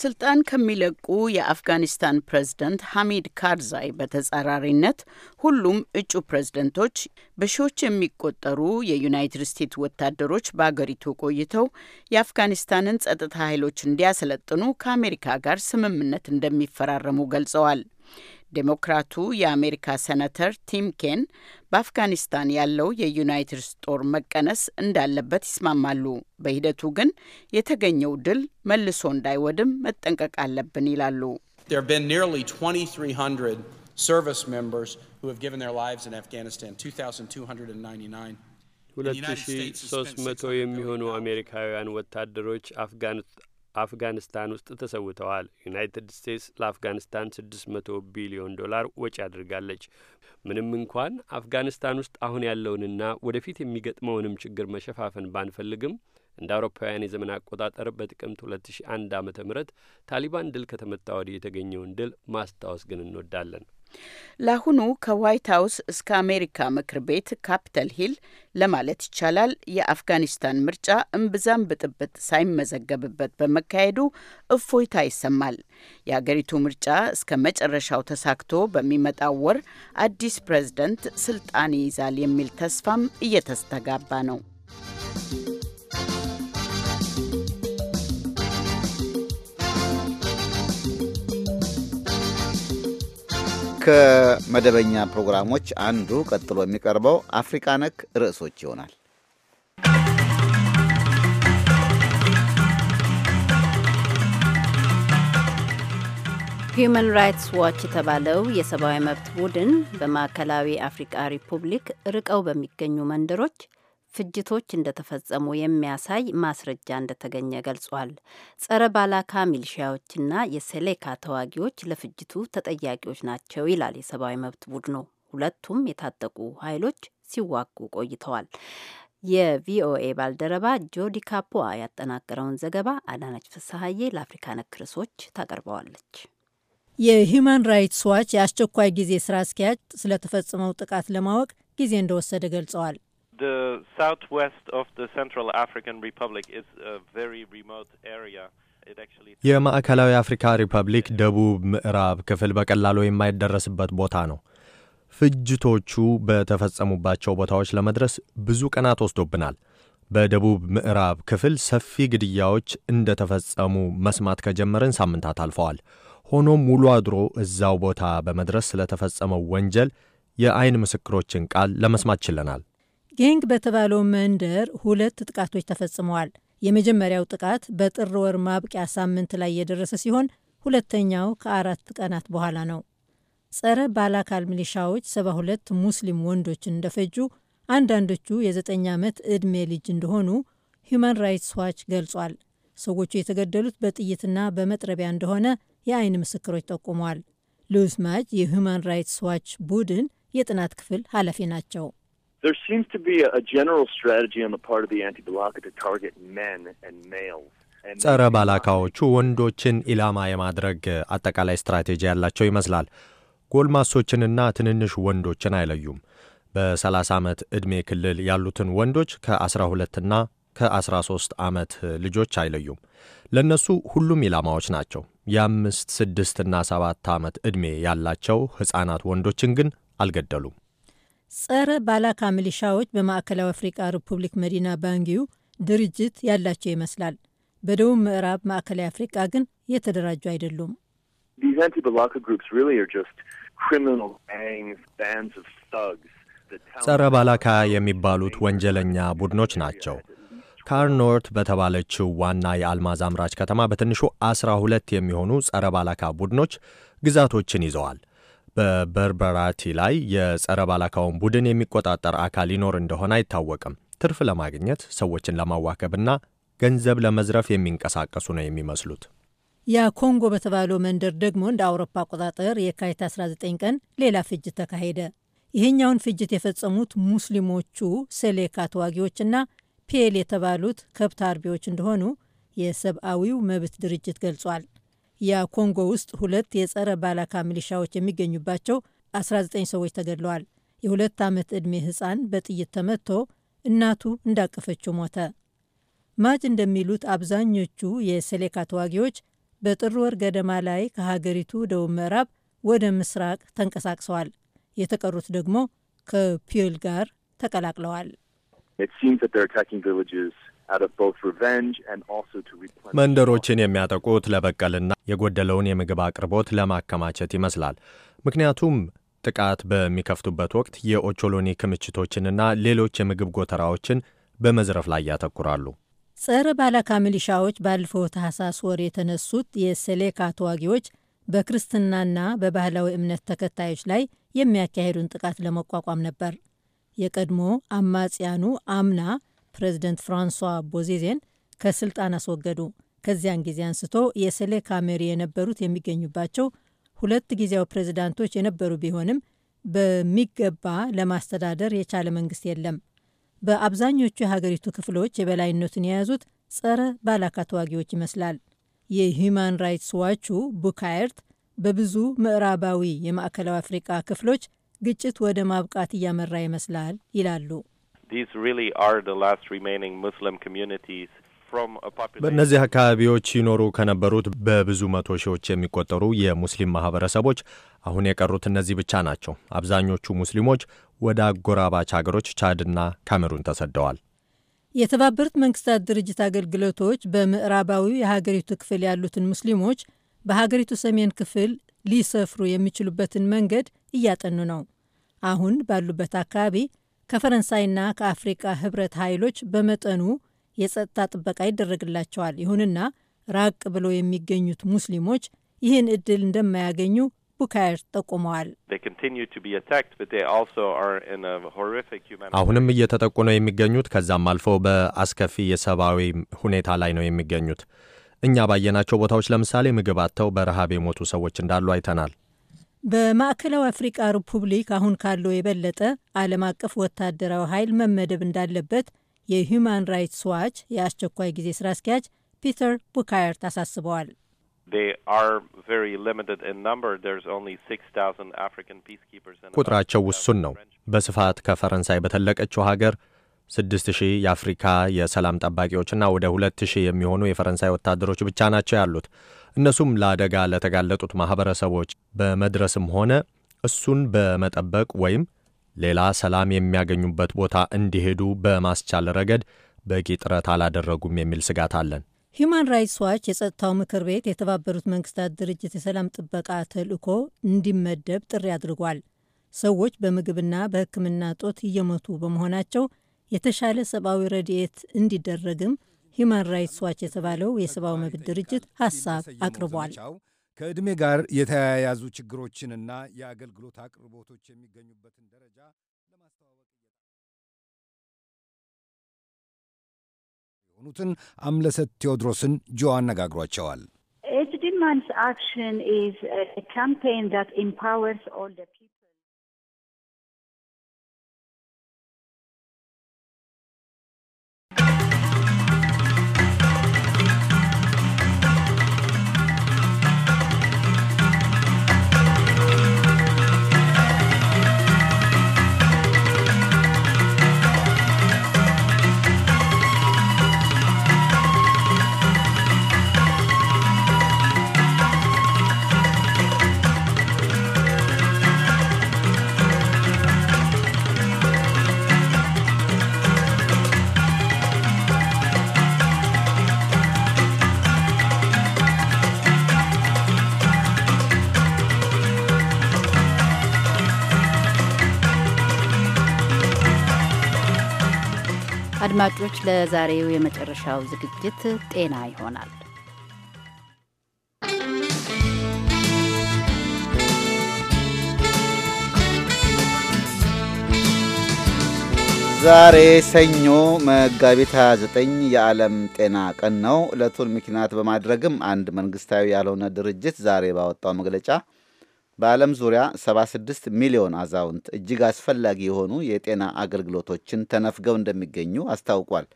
S9: ስልጣን ከሚለቁ የአፍጋኒስታን ፕሬዝደንት ሐሚድ ካርዛይ በተጻራሪነት ሁሉም እጩ ፕሬዝደንቶች በሺዎች የሚቆጠሩ የዩናይትድ ስቴትስ ወታደሮች በአገሪቱ ቆይተው የአፍጋኒስታንን ጸጥታ ኃይሎች እንዲያሰለጥኑ ከአሜሪካ ጋር ስምምነት እንደሚፈራረሙ ገልጸዋል። ዴሞክራቱ የአሜሪካ ሰነተር ቲም ኬን በአፍጋኒስታን ያለው የዩናይትድ ጦር መቀነስ እንዳለበት ይስማማሉ። በሂደቱ ግን የተገኘው ድል መልሶ እንዳይወድም መጠንቀቅ አለብን ይላሉ።
S3: ሁለት ሺ ሶስት መቶ የሚሆኑ አሜሪካውያን ወታደሮች አፍጋኒስታን ውስጥ ተሰውተዋል። ዩናይትድ ስቴትስ ለአፍጋኒስታን ስድስት መቶ ቢሊዮን ዶላር ወጪ አድርጋለች። ምንም እንኳን አፍጋኒስታን ውስጥ አሁን ያለውንና ወደፊት የሚገጥመውንም ችግር መሸፋፈን ባንፈልግም እንደ አውሮፓውያን የዘመን አቆጣጠር በጥቅምት 2001 ዓ ም ታሊባን ድል ከተመታ ወዲህ የተገኘውን ድል ማስታወስ ግን እንወዳለን።
S9: ለአሁኑ ከዋይት ሀውስ እስከ አሜሪካ ምክር ቤት ካፒተል ሂል ለማለት ይቻላል የአፍጋኒስታን ምርጫ እምብዛም ብጥብጥ ሳይመዘገብበት በመካሄዱ እፎይታ ይሰማል። የአገሪቱ ምርጫ እስከ መጨረሻው ተሳክቶ በሚመጣው ወር አዲስ ፕሬዝደንት ስልጣን ይይዛል የሚል ተስፋም እየተስተጋባ ነው።
S2: ከመደበኛ ፕሮግራሞች አንዱ ቀጥሎ የሚቀርበው አፍሪካ ነክ ርዕሶች ይሆናል።
S1: ሂዩማን ራይትስ ዋች የተባለው የሰብአዊ መብት ቡድን በማዕከላዊ አፍሪካ ሪፑብሊክ ርቀው በሚገኙ መንደሮች ፍጅቶች እንደተፈጸሙ የሚያሳይ ማስረጃ እንደተገኘ ገልጿል። ጸረ ባላካ ሚሊሺያዎችና የሴሌካ ተዋጊዎች ለፍጅቱ ተጠያቂዎች ናቸው ይላል የሰብአዊ መብት ቡድኑ። ሁለቱም የታጠቁ ኃይሎች ሲዋጉ ቆይተዋል። የቪኦኤ ባልደረባ ጆዲ ካፖዋ ያጠናቀረውን ዘገባ አዳነች ፍስሀዬ ለአፍሪካ ነክ ርዕሶች ታቀርበዋለች።
S6: የሂዩማን ራይትስ ዋች የአስቸኳይ ጊዜ ስራ አስኪያጅ ስለተፈጸመው ጥቃት ለማወቅ ጊዜ እንደወሰደ ገልጸዋል።
S3: the southwest of the Central African Republic is a very remote area.
S5: የማዕከላዊ አፍሪካ ሪፐብሊክ ደቡብ ምዕራብ ክፍል በቀላሉ የማይደረስበት ቦታ ነው። ፍጅቶቹ በተፈጸሙባቸው ቦታዎች ለመድረስ ብዙ ቀናት ወስዶብናል። በደቡብ ምዕራብ ክፍል ሰፊ ግድያዎች ተፈጸሙ መስማት ከጀመርን ሳምንታት አልፈዋል። ሆኖም ውሎ አድሮ እዛው ቦታ በመድረስ ስለተፈጸመው ወንጀል የአይን ምስክሮችን ቃል ለመስማት ችለናል።
S6: ጌንግ በተባለው መንደር ሁለት ጥቃቶች ተፈጽመዋል። የመጀመሪያው ጥቃት በጥር ወር ማብቂያ ሳምንት ላይ የደረሰ ሲሆን ሁለተኛው ከአራት ቀናት በኋላ ነው። ጸረ ባላካል ሚሊሻዎች 72 ሙስሊም ወንዶችን እንደፈጁ፣ አንዳንዶቹ የዘጠኝ ዓመት ዕድሜ ልጅ እንደሆኑ ሂዩማን ራይትስ ዋች ገልጿል። ሰዎቹ የተገደሉት በጥይትና በመጥረቢያ እንደሆነ የአይን ምስክሮች ጠቁመዋል። ሉዊስ ማጅ የሂዩማን ራይትስ ዋች ቡድን የጥናት ክፍል ኃላፊ ናቸው።
S4: There seems to be a general
S6: strategy on the part of the anti blocker to target men and males.
S5: ጸረ ባላካዎቹ ወንዶችን ኢላማ የማድረግ አጠቃላይ ስትራቴጂ ያላቸው ይመስላል። ጎልማሶችንና ትንንሽ ወንዶችን አይለዩም። በ30 ዓመት ዕድሜ ክልል ያሉትን ወንዶች ከ12ና ከ13 ዓመት ልጆች አይለዩም። ለእነሱ ሁሉም ኢላማዎች ናቸው። የአምስት ስድስትና ሰባት ዓመት ዕድሜ ያላቸው ሕፃናት ወንዶችን ግን አልገደሉም።
S6: ጸረ ባላካ ሚሊሻዎች በማዕከላዊ አፍሪቃ ሪፑብሊክ መዲና ባንጊው ድርጅት ያላቸው ይመስላል። በደቡብ ምዕራብ ማዕከላዊ አፍሪቃ ግን የተደራጁ አይደሉም።
S5: ጸረ ባላካ የሚባሉት ወንጀለኛ ቡድኖች ናቸው። ካርኖርት በተባለችው ዋና የአልማዝ አምራች ከተማ በትንሹ አስራ ሁለት የሚሆኑ ጸረ ባላካ ቡድኖች ግዛቶችን ይዘዋል። በበርበራቲ ላይ የጸረ ባላካውን ቡድን የሚቆጣጠር አካል ይኖር እንደሆነ አይታወቅም። ትርፍ ለማግኘት ሰዎችን ለማዋከብና ገንዘብ ለመዝረፍ የሚንቀሳቀሱ ነው የሚመስሉት።
S6: ያኮንጎ በተባለው መንደር ደግሞ እንደ አውሮፓ አቆጣጠር የካቲት 19 ቀን ሌላ ፍጅት ተካሄደ። ይህኛውን ፍጅት የፈጸሙት ሙስሊሞቹ ሴሌካ ተዋጊዎችና ፔል የተባሉት ከብት አርቢዎች እንደሆኑ የሰብአዊው መብት ድርጅት ገልጿል። የኮንጎ ውስጥ ሁለት የጸረ ባላካ ሚሊሻዎች የሚገኙባቸው 19 ሰዎች ተገድለዋል። የሁለት ዓመት ዕድሜ ሕፃን በጥይት ተመትቶ እናቱ እንዳቀፈችው ሞተ። ማጅ እንደሚሉት አብዛኞቹ የሴሌካ ተዋጊዎች በጥር ወር ገደማ ላይ ከሀገሪቱ ደቡብ ምዕራብ ወደ ምስራቅ ተንቀሳቅሰዋል። የተቀሩት ደግሞ ከፒዮል ጋር ተቀላቅለዋል። It seems that they're attacking villages
S5: መንደሮችን የሚያጠቁት ለበቀልና የጎደለውን የምግብ አቅርቦት ለማከማቸት ይመስላል። ምክንያቱም ጥቃት በሚከፍቱበት ወቅት የኦቾሎኒ ክምችቶችንና ሌሎች የምግብ ጎተራዎችን በመዝረፍ ላይ ያተኩራሉ።
S6: ጸረ ባላካ ሚሊሻዎች ባለፈው ታህሳስ ወር የተነሱት የሴሌካ ተዋጊዎች በክርስትናና በባህላዊ እምነት ተከታዮች ላይ የሚያካሄዱን ጥቃት ለመቋቋም ነበር። የቀድሞ አማጽያኑ አምና ፕሬዚደንት ፍራንሷ ቦዜዜን ከስልጣን አስወገዱ። ከዚያን ጊዜ አንስቶ የሴሌካ መሪ የነበሩት የሚገኙባቸው ሁለት ጊዜያዊ ፕሬዚዳንቶች የነበሩ ቢሆንም በሚገባ ለማስተዳደር የቻለ መንግስት የለም። በአብዛኞቹ የሀገሪቱ ክፍሎች የበላይነቱን የያዙት ጸረ ባላካ ተዋጊዎች ይመስላል። የሂዩማን ራይትስ ዋቹ ቡካየርት በብዙ ምዕራባዊ የማዕከላዊ አፍሪቃ ክፍሎች ግጭት ወደ ማብቃት እያመራ ይመስላል ይላሉ።
S3: these really are the last remaining Muslim communities በእነዚህ
S5: አካባቢዎች ይኖሩ ከነበሩት በብዙ መቶ ሺዎች የሚቆጠሩ የሙስሊም ማህበረሰቦች አሁን የቀሩት እነዚህ ብቻ ናቸው። አብዛኞቹ ሙስሊሞች ወደ አጎራባች ሀገሮች ቻድና ካሜሩን ተሰደዋል።
S6: የተባበሩት መንግስታት ድርጅት አገልግሎቶች በምዕራባዊው የሀገሪቱ ክፍል ያሉትን ሙስሊሞች በሀገሪቱ ሰሜን ክፍል ሊሰፍሩ የሚችሉበትን መንገድ እያጠኑ ነው። አሁን ባሉበት አካባቢ ከፈረንሳይና ከአፍሪቃ ህብረት ኃይሎች በመጠኑ የጸጥታ ጥበቃ ይደረግላቸዋል። ይሁንና ራቅ ብለው የሚገኙት ሙስሊሞች ይህን እድል እንደማያገኙ ቡካየር ጠቁመዋል።
S3: አሁንም
S5: እየተጠቁ ነው የሚገኙት። ከዛም አልፎ በአስከፊ የሰብአዊ ሁኔታ ላይ ነው የሚገኙት። እኛ ባየናቸው ቦታዎች ለምሳሌ ምግብ አጥተው በረሃብ የሞቱ ሰዎች እንዳሉ አይተናል።
S6: በማዕከላዊ አፍሪቃ ሪፑብሊክ አሁን ካለው የበለጠ ዓለም አቀፍ ወታደራዊ ኃይል መመደብ እንዳለበት የሂዩማን ራይትስ ዋች የአስቸኳይ ጊዜ ስራ አስኪያጅ ፒተር ቡካየርት አሳስበዋል።
S5: ቁጥራቸው ውሱን ነው። በስፋት ከፈረንሳይ በተለቀችው ሀገር ስድስት ሺህ የአፍሪካ የሰላም ጠባቂዎችና ወደ ሁለት ሺህ የሚሆኑ የፈረንሳይ ወታደሮች ብቻ ናቸው ያሉት። እነሱም ለአደጋ ለተጋለጡት ማኅበረሰቦች በመድረስም ሆነ እሱን በመጠበቅ ወይም ሌላ ሰላም የሚያገኙበት ቦታ እንዲሄዱ በማስቻል ረገድ በቂ ጥረት አላደረጉም የሚል ስጋት አለን።
S6: ሂዩማን ራይትስ ዋች የጸጥታው ምክር ቤት የተባበሩት መንግስታት ድርጅት የሰላም ጥበቃ ተልእኮ እንዲመደብ ጥሪ አድርጓል። ሰዎች በምግብና በሕክምና ጦት እየሞቱ በመሆናቸው የተሻለ ሰብአዊ ረድኤት እንዲደረግም ሂዩማን ራይትስ ዋች የተባለው የሰብአዊ መብት ድርጅት ሀሳብ አቅርቧል።
S7: ከዕድሜ ጋር የተያያዙ ችግሮችንና የአገልግሎት አቅርቦቶች የሚገኙበትን ደረጃ የሆኑትን አምለሰት ቴዎድሮስን ጆ አነጋግሯቸዋል።
S9: ኤች አክሽን ኢዝ ካምፔን ዛት ኢምፓወርስ ኦል ፒ
S1: አድማጮች ለዛሬው የመጨረሻው ዝግጅት ጤና ይሆናል።
S2: ዛሬ ሰኞ መጋቢት 29 የዓለም ጤና ቀን ነው። ዕለቱን ምክንያት በማድረግም አንድ መንግስታዊ ያልሆነ ድርጅት ዛሬ ባወጣው መግለጫ በዓለም ዙሪያ 76 ሚሊዮን አዛውንት እጅግ አስፈላጊ የሆኑ የጤና አገልግሎቶችን ተነፍገው እንደሚገኙ አስታውቋል።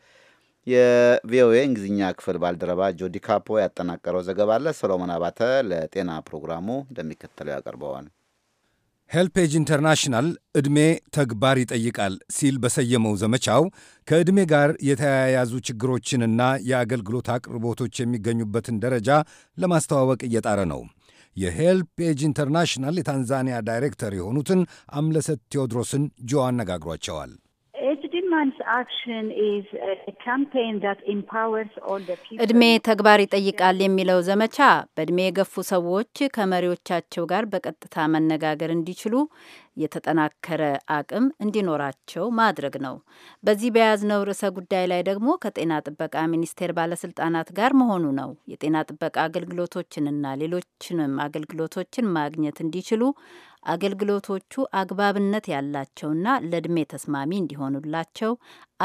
S2: የቪኦኤ እንግሊዝኛ ክፍል ባልደረባ ጆዲ ካፖ ያጠናቀረው ዘገባ አለ። ሰሎሞን አባተ ለጤና ፕሮግራሙ እንደሚከተለው ያቀርበዋል።
S7: ሄልፔጅ ኢንተርናሽናል ዕድሜ ተግባር ይጠይቃል ሲል በሰየመው ዘመቻው ከዕድሜ ጋር የተያያዙ ችግሮችንና የአገልግሎት አቅርቦቶች የሚገኙበትን ደረጃ ለማስተዋወቅ እየጣረ ነው። የሄልፕ ኤጅ ኢንተርናሽናል የታንዛኒያ ዳይሬክተር የሆኑትን አምለሰት ቴዎድሮስን ጆ አነጋግሯቸዋል።
S9: እድሜ
S1: ተግባር ይጠይቃል የሚለው ዘመቻ በእድሜ የገፉ ሰዎች ከመሪዎቻቸው ጋር በቀጥታ መነጋገር እንዲችሉ የተጠናከረ አቅም እንዲኖራቸው ማድረግ ነው። በዚህ በያዝነው ርዕሰ ጉዳይ ላይ ደግሞ ከጤና ጥበቃ ሚኒስቴር ባለስልጣናት ጋር መሆኑ ነው። የጤና ጥበቃ አገልግሎቶችንና ሌሎችንም አገልግሎቶችን ማግኘት እንዲችሉ አገልግሎቶቹ አግባብነት ያላቸውና ለእድሜ ተስማሚ እንዲሆኑላቸው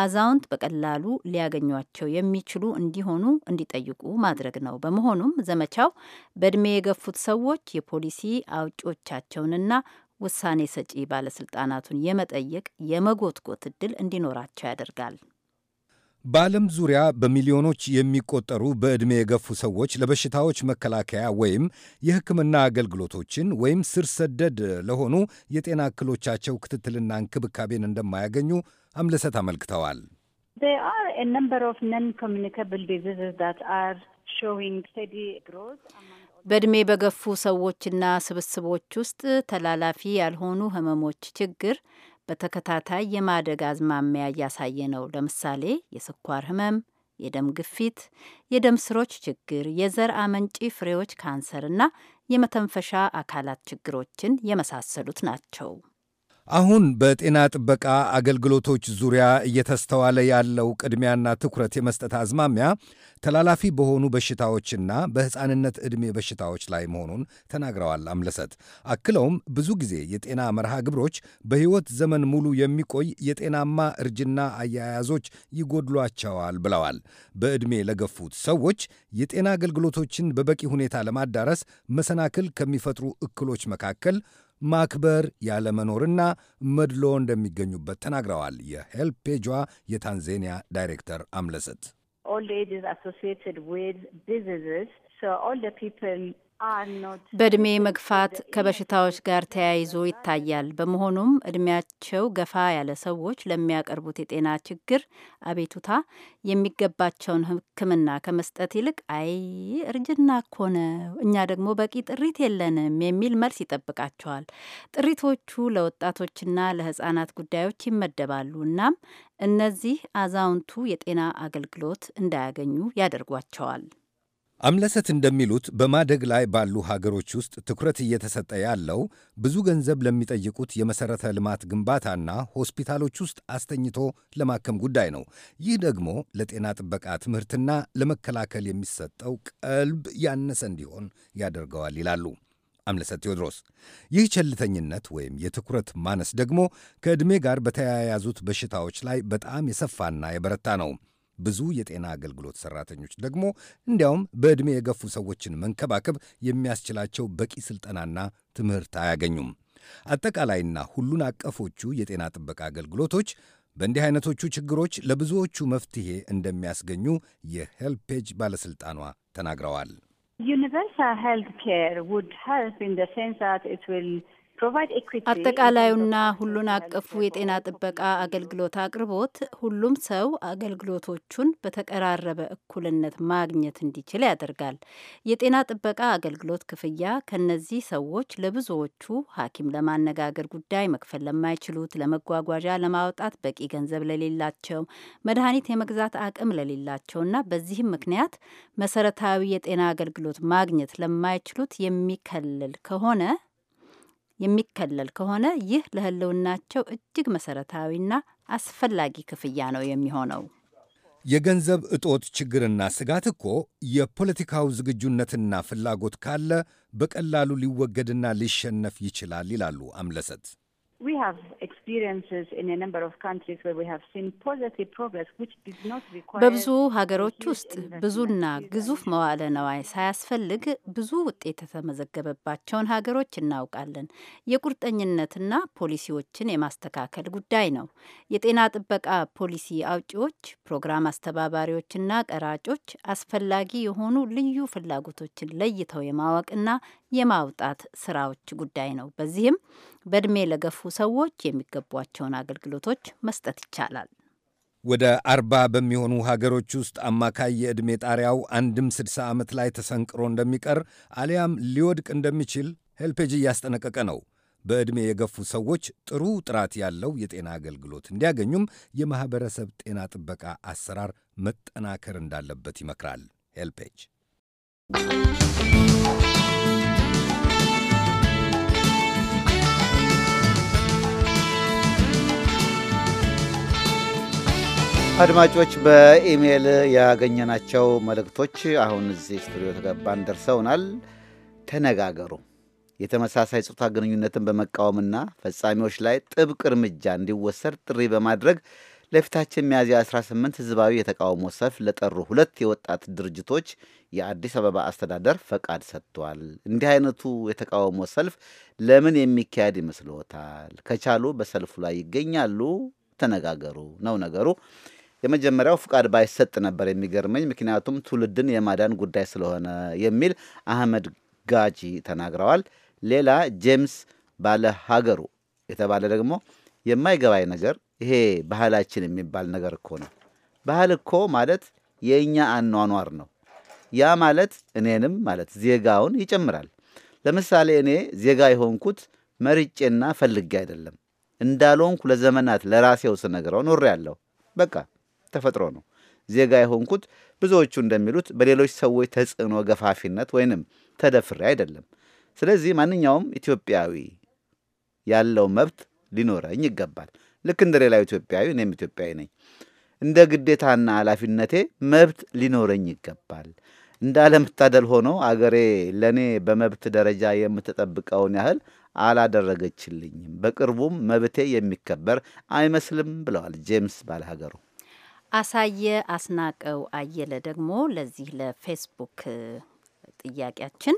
S1: አዛውንት በቀላሉ ሊያገኟቸው የሚችሉ እንዲሆኑ እንዲጠይቁ ማድረግ ነው። በመሆኑም ዘመቻው በእድሜ የገፉት ሰዎች የፖሊሲ አውጮቻቸውንና ውሳኔ ሰጪ ባለስልጣናቱን የመጠየቅ የመጎትጎት እድል እንዲኖራቸው ያደርጋል።
S7: በዓለም ዙሪያ በሚሊዮኖች የሚቆጠሩ በዕድሜ የገፉ ሰዎች ለበሽታዎች መከላከያ ወይም የሕክምና አገልግሎቶችን ወይም ስር ሰደድ ለሆኑ የጤና እክሎቻቸው ክትትልና እንክብካቤን እንደማያገኙ አምለሰት አመልክተዋል።
S9: ዜር ኦፍ ነን ኮሚኒካብል ዲዚዝ አር ሾዊንግ ስቴዲ ግሮዝ
S1: በእድሜ በገፉ ሰዎችና ስብስቦች ውስጥ ተላላፊ ያልሆኑ ህመሞች ችግር በተከታታይ የማደግ አዝማሚያ እያሳየ ነው። ለምሳሌ የስኳር ህመም፣ የደም ግፊት፣ የደም ስሮች ችግር፣ የዘር አመንጪ ፍሬዎች ካንሰርና የመተንፈሻ አካላት ችግሮችን የመሳሰሉት ናቸው።
S7: አሁን በጤና ጥበቃ አገልግሎቶች ዙሪያ እየተስተዋለ ያለው ቅድሚያና ትኩረት የመስጠት አዝማሚያ ተላላፊ በሆኑ በሽታዎችና በሕፃንነት ዕድሜ በሽታዎች ላይ መሆኑን ተናግረዋል አምለሰት። አክለውም ብዙ ጊዜ የጤና መርሃ ግብሮች በሕይወት ዘመን ሙሉ የሚቆይ የጤናማ እርጅና አያያዞች ይጎድሏቸዋል ብለዋል። በዕድሜ ለገፉት ሰዎች የጤና አገልግሎቶችን በበቂ ሁኔታ ለማዳረስ መሰናክል ከሚፈጥሩ እክሎች መካከል ማክበር፣ ያለመኖርና መድሎ እንደሚገኙበት ተናግረዋል። የሄልፔጇ የታንዛኒያ ዳይሬክተር አምለሰት
S9: ኦልድ ኤጅ አሶሲየትድ ዊዝ ኦል ፒፕል በእድሜ
S1: መግፋት ከበሽታዎች ጋር ተያይዞ ይታያል። በመሆኑም እድሜያቸው ገፋ ያለ ሰዎች ለሚያቀርቡት የጤና ችግር አቤቱታ የሚገባቸውን ሕክምና ከመስጠት ይልቅ አይ እርጅና እኮ ነው፣ እኛ ደግሞ በቂ ጥሪት የለንም የሚል መልስ ይጠብቃቸዋል። ጥሪቶቹ ለወጣቶችና ለሕጻናት ጉዳዮች ይመደባሉ። እናም እነዚህ አዛውንቱ የጤና አገልግሎት እንዳያገኙ ያደርጓቸዋል።
S7: አምለሰት እንደሚሉት በማደግ ላይ ባሉ ሀገሮች ውስጥ ትኩረት እየተሰጠ ያለው ብዙ ገንዘብ ለሚጠይቁት የመሠረተ ልማት ግንባታና ሆስፒታሎች ውስጥ አስተኝቶ ለማከም ጉዳይ ነው። ይህ ደግሞ ለጤና ጥበቃ ትምህርትና ለመከላከል የሚሰጠው ቀልብ ያነሰ እንዲሆን ያደርገዋል ይላሉ አምለሰት ቴዎድሮስ። ይህ ቸልተኝነት ወይም የትኩረት ማነስ ደግሞ ከዕድሜ ጋር በተያያዙት በሽታዎች ላይ በጣም የሰፋና የበረታ ነው። ብዙ የጤና አገልግሎት ሰራተኞች ደግሞ እንዲያውም በዕድሜ የገፉ ሰዎችን መንከባከብ የሚያስችላቸው በቂ ስልጠናና ትምህርት አያገኙም። አጠቃላይና ሁሉን አቀፎቹ የጤና ጥበቃ አገልግሎቶች በእንዲህ አይነቶቹ ችግሮች ለብዙዎቹ መፍትሄ እንደሚያስገኙ የሄልፔጅ ባለሥልጣኗ ተናግረዋል።
S9: ዩኒቨርሳል ሄልት ኬር ውድ ሄልፕ ኢን ሴንስ ዛት ኢት ዊል አጠቃላዩና
S1: ሁሉን አቀፉ የጤና ጥበቃ አገልግሎት አቅርቦት ሁሉም ሰው አገልግሎቶቹን በተቀራረበ እኩልነት ማግኘት እንዲችል ያደርጋል። የጤና ጥበቃ አገልግሎት ክፍያ ከነዚህ ሰዎች ለብዙዎቹ ሐኪም ለማነጋገር ጉዳይ መክፈል ለማይችሉት፣ ለመጓጓዣ ለማውጣት በቂ ገንዘብ ለሌላቸው፣ መድኃኒት የመግዛት አቅም ለሌላቸውና በዚህም ምክንያት መሰረታዊ የጤና አገልግሎት ማግኘት ለማይችሉት የሚከልል ከሆነ የሚከለል ከሆነ ይህ ለህልውናቸው እጅግ መሰረታዊና አስፈላጊ ክፍያ ነው የሚሆነው።
S7: የገንዘብ እጦት ችግርና ስጋት እኮ የፖለቲካው ዝግጁነትና ፍላጎት ካለ በቀላሉ ሊወገድና ሊሸነፍ ይችላል ይላሉ አምለሰት።
S9: በብዙ
S1: ሀገሮች ውስጥ ብዙና ግዙፍ መዋለ ነዋይ ሳያስፈልግ ብዙ ውጤት የተመዘገበባቸውን ሀገሮች እናውቃለን። የቁርጠኝነትና ፖሊሲዎችን የማስተካከል ጉዳይ ነው። የጤና ጥበቃ ፖሊሲ አውጪዎች፣ ፕሮግራም አስተባባሪዎችና ቀራጮች አስፈላጊ የሆኑ ልዩ ፍላጎቶችን ለይተው የማወቅና የማውጣት ስራዎች ጉዳይ ነው። በዚህም በእድሜ ለገፉ ሰዎች የሚገቧቸውን አገልግሎቶች መስጠት ይቻላል።
S7: ወደ አርባ በሚሆኑ ሀገሮች ውስጥ አማካይ የዕድሜ ጣሪያው አንድም ስድሳ ዓመት ላይ ተሰንቅሮ እንደሚቀር አሊያም ሊወድቅ እንደሚችል ሄልፔጅ እያስጠነቀቀ ነው። በዕድሜ የገፉ ሰዎች ጥሩ ጥራት ያለው የጤና አገልግሎት እንዲያገኙም የማኅበረሰብ ጤና ጥበቃ አሰራር መጠናከር እንዳለበት ይመክራል ሄልፔጅ።
S2: አድማጮች በኢሜይል ያገኘናቸው መልእክቶች አሁን እዚህ ስቱዲዮ ተገባን ደርሰውናል። ተነጋገሩ። የተመሳሳይ ጾታ ግንኙነትን በመቃወምና ፈጻሚዎች ላይ ጥብቅ እርምጃ እንዲወሰድ ጥሪ በማድረግ ለፊታችን ሚያዝያ 18 ህዝባዊ የተቃውሞ ሰልፍ ለጠሩ ሁለት የወጣት ድርጅቶች የአዲስ አበባ አስተዳደር ፈቃድ ሰጥቷል። እንዲህ አይነቱ የተቃውሞ ሰልፍ ለምን የሚካሄድ ይመስልዎታል? ከቻሉ በሰልፉ ላይ ይገኛሉ? ተነጋገሩ ነው ነገሩ። የመጀመሪያው ፍቃድ ባይሰጥ ነበር የሚገርመኝ፣ ምክንያቱም ትውልድን የማዳን ጉዳይ ስለሆነ የሚል አህመድ ጋጂ ተናግረዋል። ሌላ ጄምስ ባለ ሀገሩ የተባለ ደግሞ የማይገባኝ ነገር ይሄ ባህላችን የሚባል ነገር እኮ ነው። ባህል እኮ ማለት የእኛ አኗኗር ነው። ያ ማለት እኔንም ማለት ዜጋውን ይጨምራል። ለምሳሌ እኔ ዜጋ የሆንኩት መርጬና ፈልጌ አይደለም። እንዳልሆንኩ ለዘመናት ለራሴው ስነግረው ኖሬ ያለሁ በቃ ተፈጥሮ ነው። ዜጋ የሆንኩት ብዙዎቹ እንደሚሉት በሌሎች ሰዎች ተጽዕኖ ገፋፊነት ወይንም ተደፍሬ አይደለም። ስለዚህ ማንኛውም ኢትዮጵያዊ ያለው መብት ሊኖረኝ ይገባል። ልክ እንደ ሌላው ኢትዮጵያዊ እኔም ኢትዮጵያዊ ነኝ። እንደ ግዴታና ኃላፊነቴ መብት ሊኖረኝ ይገባል። እንዳለመታደል ሆኖ አገሬ ለእኔ በመብት ደረጃ የምትጠብቀውን ያህል አላደረገችልኝም። በቅርቡም መብቴ የሚከበር አይመስልም ብለዋል ጄምስ ባለሀገሩ።
S1: አሳየ አስናቀው አየለ ደግሞ ለዚህ ለፌስቡክ ጥያቄያችን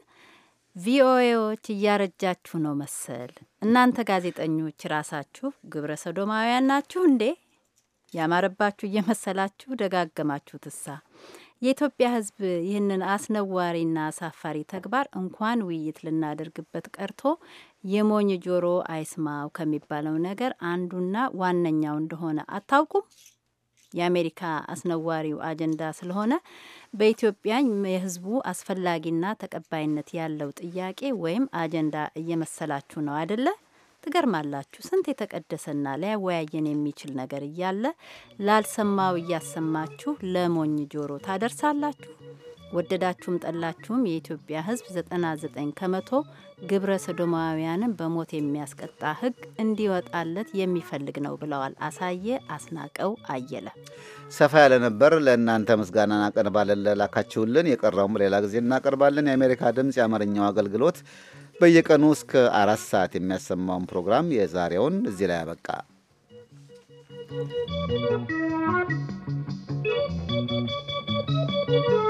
S1: ቪኦኤዎች እያረጃችሁ ነው መሰል። እናንተ ጋዜጠኞች ራሳችሁ ግብረ ሰዶማውያን ናችሁ እንዴ? ያማረባችሁ እየመሰላችሁ ደጋገማችሁ ትሳ የኢትዮጵያ ሕዝብ ይህንን አስነዋሪና አሳፋሪ ተግባር እንኳን ውይይት ልናደርግበት ቀርቶ የሞኝ ጆሮ አይስማው ከሚባለው ነገር አንዱና ዋነኛው እንደሆነ አታውቁም? የአሜሪካ አስነዋሪው አጀንዳ ስለሆነ በኢትዮጵያ የሕዝቡ አስፈላጊና ተቀባይነት ያለው ጥያቄ ወይም አጀንዳ እየመሰላችሁ ነው አደለ? ትገርማላችሁ። ስንት የተቀደሰና ሊያወያየን የሚችል ነገር እያለ ላልሰማው እያሰማችሁ ለሞኝ ጆሮ ታደርሳላችሁ። ወደዳችሁም ጠላችሁም የኢትዮጵያ ሕዝብ 99 ከመቶ ግብረ ሰዶማውያንን በሞት የሚያስቀጣ ሕግ እንዲወጣለት የሚፈልግ ነው ብለዋል አሳየ አስናቀው አየለ።
S2: ሰፋ ያለ ነበር። ለእናንተ ምስጋናን አቀርባለን ለላካችሁልን። የቀረውም ሌላ ጊዜ እናቀርባለን። የአሜሪካ ድምፅ የአማርኛው አገልግሎት በየቀኑ እስከ አራት ሰዓት የሚያሰማውን ፕሮግራም የዛሬውን እዚህ ላይ አበቃ።
S7: Thank you.